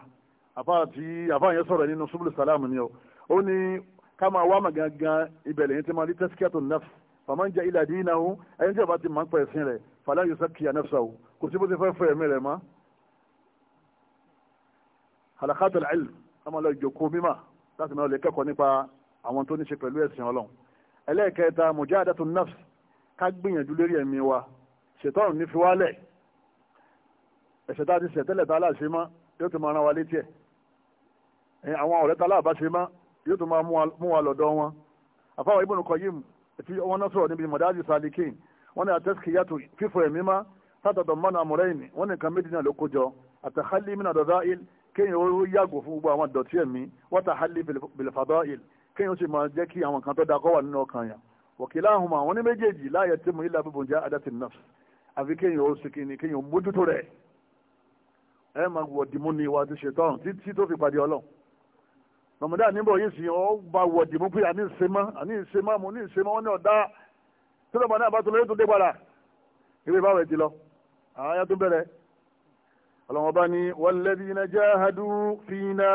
Speaker 2: àfáà tí àfáà yẹn sọ̀rọ̀ nínú subúlù sàlámù ni ọ ó ní ká máa wá màgàngán ibẹ̀lẹ̀ yẹn ti máa rí tẹ́síkẹ́tò nafs fàmọ́ ń jẹ́ ilẹ̀ àdín náà ẹni tí ọba ti máa ń pẹ̀ sí rẹ̀ fàlà yóò sàkíyà nafsa o kò sí bó ti fẹ́ fẹ́ ẹ̀mí rẹ̀ mọ́. halakata al-ilm ká máa lọ mímà láti máa lè kẹ́kọ̀ọ́ nípa àwọn tó ní ṣe pẹ̀lú ẹ̀sìn ọlọ́run yóò ti máa ran wa létí ẹ̀ àwọn ọ̀rẹ́ tá aláàbá ṣe má yóò tún máa mú wa lọ́dọ̀ wọn àfáwọn Ibn Qayyim tí wọ́n náà sọ̀rọ̀ níbi mọ̀dájì salikin wọ́n ní àtẹ́sìkìyàtò fífọ ẹ̀mí má sátọ̀tọ̀ mọ́nà àmọ̀rẹ́yìn wọ́n ní nǹkan méjì náà ló kójọ àtàhálí mìnà dọ̀dá il kéèyàn ó yàgò fún gbogbo àwọn dọ̀tí ẹ̀mí wọ́tàhálí bìlìfàdọ́ il kéèyàn ó sì máa jẹ́ kí àwọn kan tó dakọ́ wà nínú ọkàn yàn wọ̀kìlá ahùn mà wọ́n ní méjèèjì láàyè tí mo ilà bíbùn ramadan níbọ̀ yìí sì ọ́ bá wọ̀ dìbò pé àní ìsemọ́ àní ìsemọ́ mo ní ìsemọ́ wọn ní ọ̀dá tí ramadan bá tún lóyún tó dé padà ìwé bá wẹ̀ di lọ àyà tó bẹ̀rẹ̀ ọlọ́wọ́n bá ní walladhina jahadu fina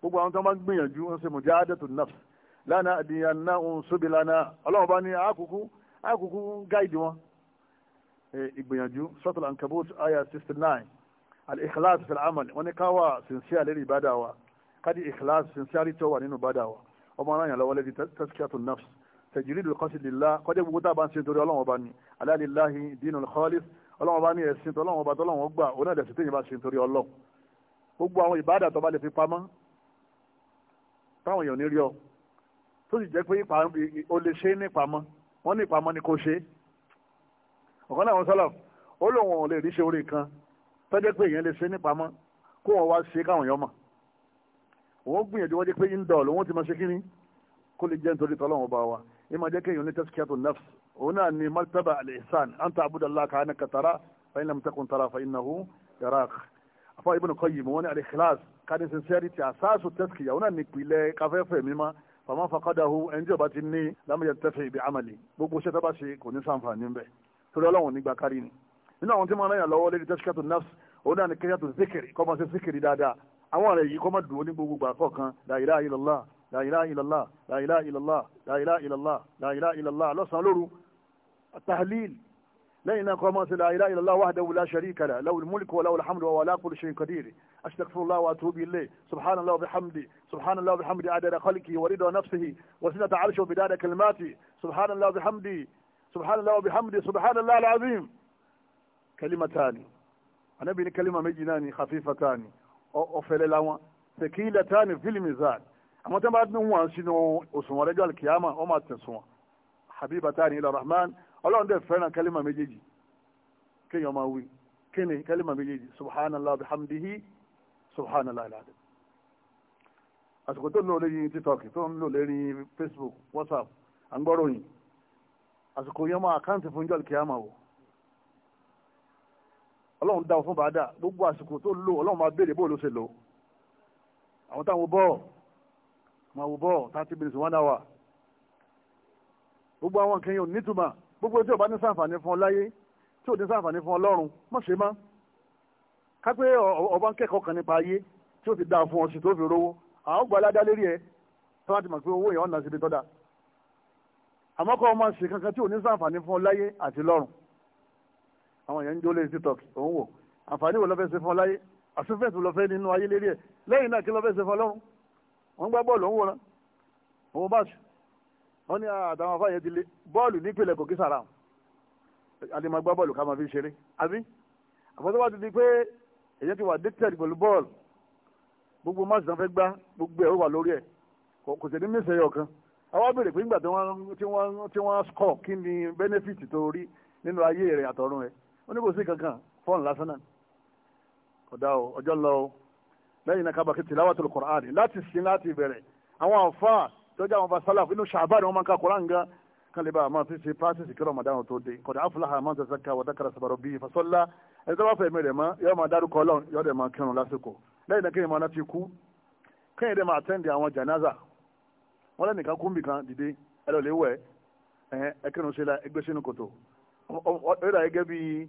Speaker 2: gbogbo àwọn tó máa ń gbìyànjú ń ṣe mujahadatun nafs lánàá àdìyànná òun sóbi lánàá ọlọ́wọ́n bá àkùkù àkùkù gáìdì wọn e, ìgbìyànjú suratul ankabut ayah sixty al-ikhlas fil amal wọn ni káwà sincere lérí ìbádà wa kádì ikhlas sincerity wà nínú bàdà wa ọmọ aráyàn lọ́wọ́ lẹ́bi tazkiyatun nafs tajridul qasd lillah kọ́dé gbogbo tá a bá ń sin torí ọlọ́wọ́n bá ní ala lillahi dinul khalis ọlọ́wọ́n bá ní ẹ̀sìn tó ọlọ́wọ́n bá tó ọlọ́wọ́n gbà ó náà dẹ̀ sí téyìn bá sin torí ọlọ́ gbogbo àwọn ìbáàdà tó bá lè fi pamọ́ táwọn èèyàn ní rí ọ tó sì jẹ́ pé o lè ṣe ní pamọ́ wọ́n ní pamọ́ ni kò ṣe ọ̀kan láwọn sọ́lọ̀ ó lóun ò lè ríṣe orí kan tọ́jẹ́ pé èèyàn lè ṣe ní pamọ́ kó wọn wá ṣe káwọn èèyàn mọ̀ wọ́n gbìyànjú wọ́n jẹ́ pé indoor lòun ti máa ṣe kínní kó lè jẹ́ nítorí tọ́lọ́wọ́n bá wa ẹ máa jẹ́ kéèyàn ní tazkiyatu nafs òun náà ni martaba al-ihsan an ta'buda Allah ka'annaka tara fa in lam takun tara fa innahu yarak afa Ibn Qayyim wọ́n ní al-ikhlas kadi sincerity asasu tazkiya òun náà ni ìpìlẹ̀ káfẹ́fẹ́ mímá fama faqadahu ẹni tí ti ní lam yantafi bi amali gbogbo ṣẹ́ bá ṣe kò ní sàǹfààní ń torí ọlọ́run nígbà kárí ni nínú àwọn tí àwọn rẹ̀ yìí kọ́ mọ́ dùn ní gbogbo gbà kọ̀ọ̀kan la ilaha illallah la ilaha illallah la ilaha illallah la ilaha illallah la ilaha illallah lọ́sàn-án lóru tahlil lẹ́yìn náà kọ́ mọ́ sí la ilaha illallah wahdahu la sharika lahu lahul mulku wa lahul hamdu wa huwa ala kulli shay'in qadir astaghfirullah wa atubu ilayh subhanallah wa bihamdi subhanallah wa bihamdi adada khalqihi wa rida nafsihi wa sinata arshihi bidada kalimati subhanallah wa bihamdi subhanallah wa bihamdi subhanallah al-azim anabi ni kalima méjì náà ọ̀fẹ́lẹ́ láwọn tẹ̀kílẹ̀ tani filimizan àwọn tó bá dún wọn sínú òṣùwọ̀n lẹ́jọ́ alikiyama wọ́n máa tẹ̀sùn wọn habiba tani ila rahman ọlọ́run dẹ̀ fẹ́ràn kálímà méjèèjì kéèyàn máa wí kíni kálímà méjèèjì subhanallah bihamdihi subhanallah alazim àsìkò tó ń lò lórí tiktok tó ń lò lórí facebook whatsapp à ń gbọ́ròyìn àsìkò yẹn máa àkáǹtì fún jọ́ọ̀lù kíyàmà wò ọlọ́run dáhùn fún bàdà gbogbo àsìkò tó lò ọlọ́run máa béèrè bó ló ṣe lò àwọn táwọn bọ́ máa wò bọ́ thirty minutes one hour gbogbo àwọn nǹkan yẹn ò nítumọ̀ gbogbo tí ò bá ní sàǹfààní fún ọ láyé tí ò ní sàǹfààní fún ọ lọ́run mọ̀ ṣe má kápẹ́ ọba ń kẹ́kọ̀ọ́ kan nípa ayé tí ó ti dáa fún ọ sí tó fi rówó àwọn gba aládá lérí ẹ tí wọ́n ti mọ̀ pé owó yẹn ọ̀nà síbi tọ́da àmọ́ kọ́ ọmọ ṣe kankan tí ò ní sàǹfààní fún ọ láyé àti lọ́run àwọn èèyàn ń jó lé tiktok òun wò àǹfààní wo lọ́fẹ́ ṣe fún ọ láyé àsúfẹ́sì lọ́fẹ́ nínú ayé lérí ẹ̀ lẹ́yìn náà kí lọ́fẹ́ ṣe fún ọlọ́run wọ́n gbá bọ́ọ̀lù òun wòran òun báṣù wọ́n ní àtàwọn afáà yẹn ti lé bọ́ọ̀lù nípìnlẹ̀ kò kí sàrà àlèmọ̀ gbá bọ́ọ̀lù ká máa fi ṣeré àbí àfọ́sọ́wá ti di pé èyàn ti wà addicted pẹ̀lú bọ́ọ̀lù gbogbo máàsì náà fẹ́ gbá gbogbo ẹ̀ ó ó ní kò sí kankan fọ́ọ̀n lásán náà kódà o ọjọ́ lọ o lẹ́yìn náà kábàkì tilawatul Qur'an láti sin láti bẹ̀rẹ̀ àwọn àfáà tọ́jú àwọn fasalaf inú ṣàbáàdì wọn máa ń ka Qur'an gan kan lè ba àmọ́ ti ṣe pàṣẹsì kí Ramadan tó dé kódà afúláhà máa ń tẹ̀sẹ̀ ká wọ́dà kára sàbàrọ̀ bíi fasọ́lá ẹni tó bá fẹ̀ mí rẹ̀ mọ́ yọ máa dárúkọ ọlọ́run yọ dẹ̀ máa kírun lásìkò lẹ́yìn náà kéèyàn máa ti kú kéèyàn dẹ̀ máa tẹ́ǹdì àwọn jànáza wọ́n lẹ́nìkan kú nbìkan dìde ẹ lọ lè wẹ̀ ṣe la ẹgbẹ́ sínú kòtò ó dà gẹ́gẹ́ bíi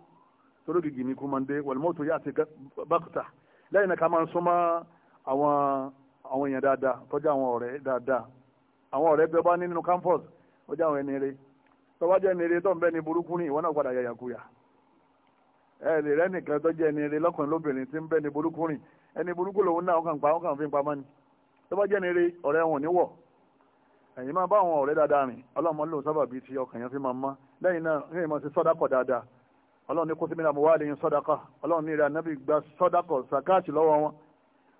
Speaker 2: torí gègé mi kú máa ń dé wàlúmọ́tò yá àti bákútà lẹ́yìn náà ká máa ń súnmọ́ àwọn àwọn èèyàn dáadáa tọ́jú àwọn ọ̀rẹ́ dáadáa àwọn ọ̀rẹ́ bẹ́ẹ̀ bá ní nínú campus ó jẹ́ àwọn ẹni eré tó bá jẹ́ ẹni eré tó ń bẹ́ ni burúkú ni ìwọ náà padà yàyàkuyà ẹ lè rẹ́ nìkan tó jẹ́ ẹni eré lọ́kùnrin lóbìnrin tí ń bẹ́ ni burúkú rìn ẹni burúkú lòun náà ọkàn pa ọkàn fi pamọ́ ni tó bá jẹ́ ẹni eré ọ̀rẹ́ wọn níwọ̀ ẹ̀yin máa bá àwọn ọ̀rẹ́ dáadáa rìn ọlọ́mọ sábàbí ti ọkàn yẹn fi máa mọ́ lẹ́yìn náà ẹ̀yin máa ṣe sọ́dákọ̀ dáadáa ọlọ́run ní kóso mìíràn wà lẹ́yìn sọ́dákà ọlọ́run ní ìrẹ́ ànábì gba sọ́dákà sàkáàtì lọ́wọ́ wọn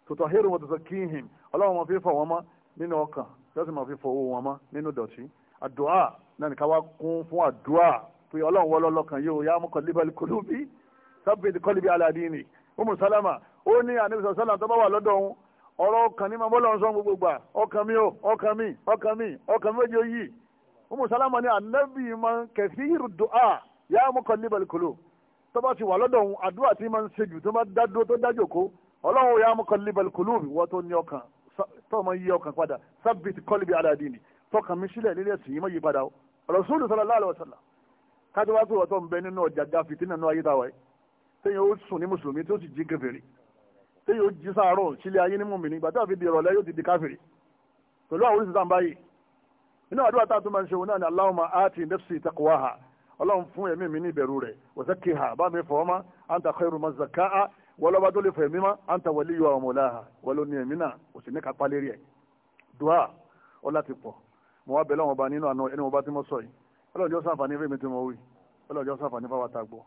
Speaker 2: tòtò hírù wọn tòtò kíhìn ọlọ́run máa fi fọ̀ wọn mọ́ nínú ọkàn lọ́sìn máa fi fọ̀ owó wọn mọ́ nínú dọ̀tí àdúà náà nìkan wá kún fún àdúà pé ọlọ́run wọ́ lọ́lọ́kàn yóò yá muqallibal qulubi sabbit qalbi ala dini Umu Salama ó ní ànábì sọ̀sálà tó bá wà lọ́dọ̀ òun ọ̀rọ̀ ọkàn ní màmá ọlọ́run sọ gbogbo gbà ọkàn mi ò ọkàn mi ọkàn mi ọkàn méjì ó yí Umu Salama ní ànábì máa yà muqallibal qulub tó bá ti wà lọ́dọ̀ òun àdúrà tí máa ń ṣe jù tó bá dádúró tó dájò kó ọlọ́run yà muqallibal qulub wọ́n tó ní ọkàn tó máa yí ọkàn padà sabbit qalbi ala dini tọkàn mi sílẹ̀ nílẹ̀ sì yín má yí padà o Rasulullah sallallahu alaihi wasallam kájọ wá pé wọ́n tó ń bẹ nínú ọjà gáfi tí nínú ayé táwa yìí téèyàn ó sùn ní mùsùlùmí tó sì jí kèfèrí ọlọ́run fún ẹ̀mí mi ní ìbẹ̀rù rẹ̀ wazakkiha bá mi fọ́ ma anta khairu man zakkaha wọlọ́ba tó lè fọ ẹ̀mí ma anta waliyuha wa mawlaha wọlọ́ ní ẹ̀mí náà kò sì ní ká pálẹ́ rí ẹ̀ dùá ọlá ti pọ̀ mo wá bẹ̀lẹ́ wọn bá nínú àná ẹni wọn bá tí mo sọ yìí ọlọ́run jọ sàǹfààní fẹ́mi tí mo wí ọlọ́run jọ sàǹfààní fáwọn àtàgbọ́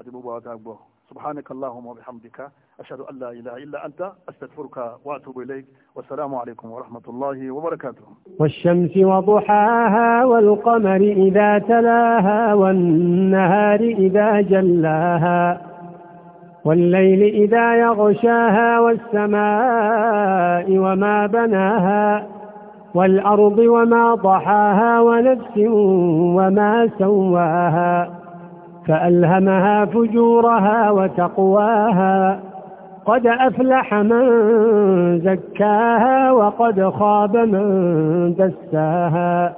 Speaker 2: أدبوا وأدابوا سبحانك اللهم وبحمدك أشهد أن لا إله إلا أنت أستغفرك وأتوب إليك والسلام عليكم ورحمة الله وبركاته
Speaker 1: والشمس وضحاها والقمر إذا تلاها والنهار إذا جلاها والليل إذا يغشاها والسماء وما بناها والأرض وما ضحاها ونفس وما سواها فألهمها فجورها وتقواها قد أفلح من زكاها وقد خاب من دساها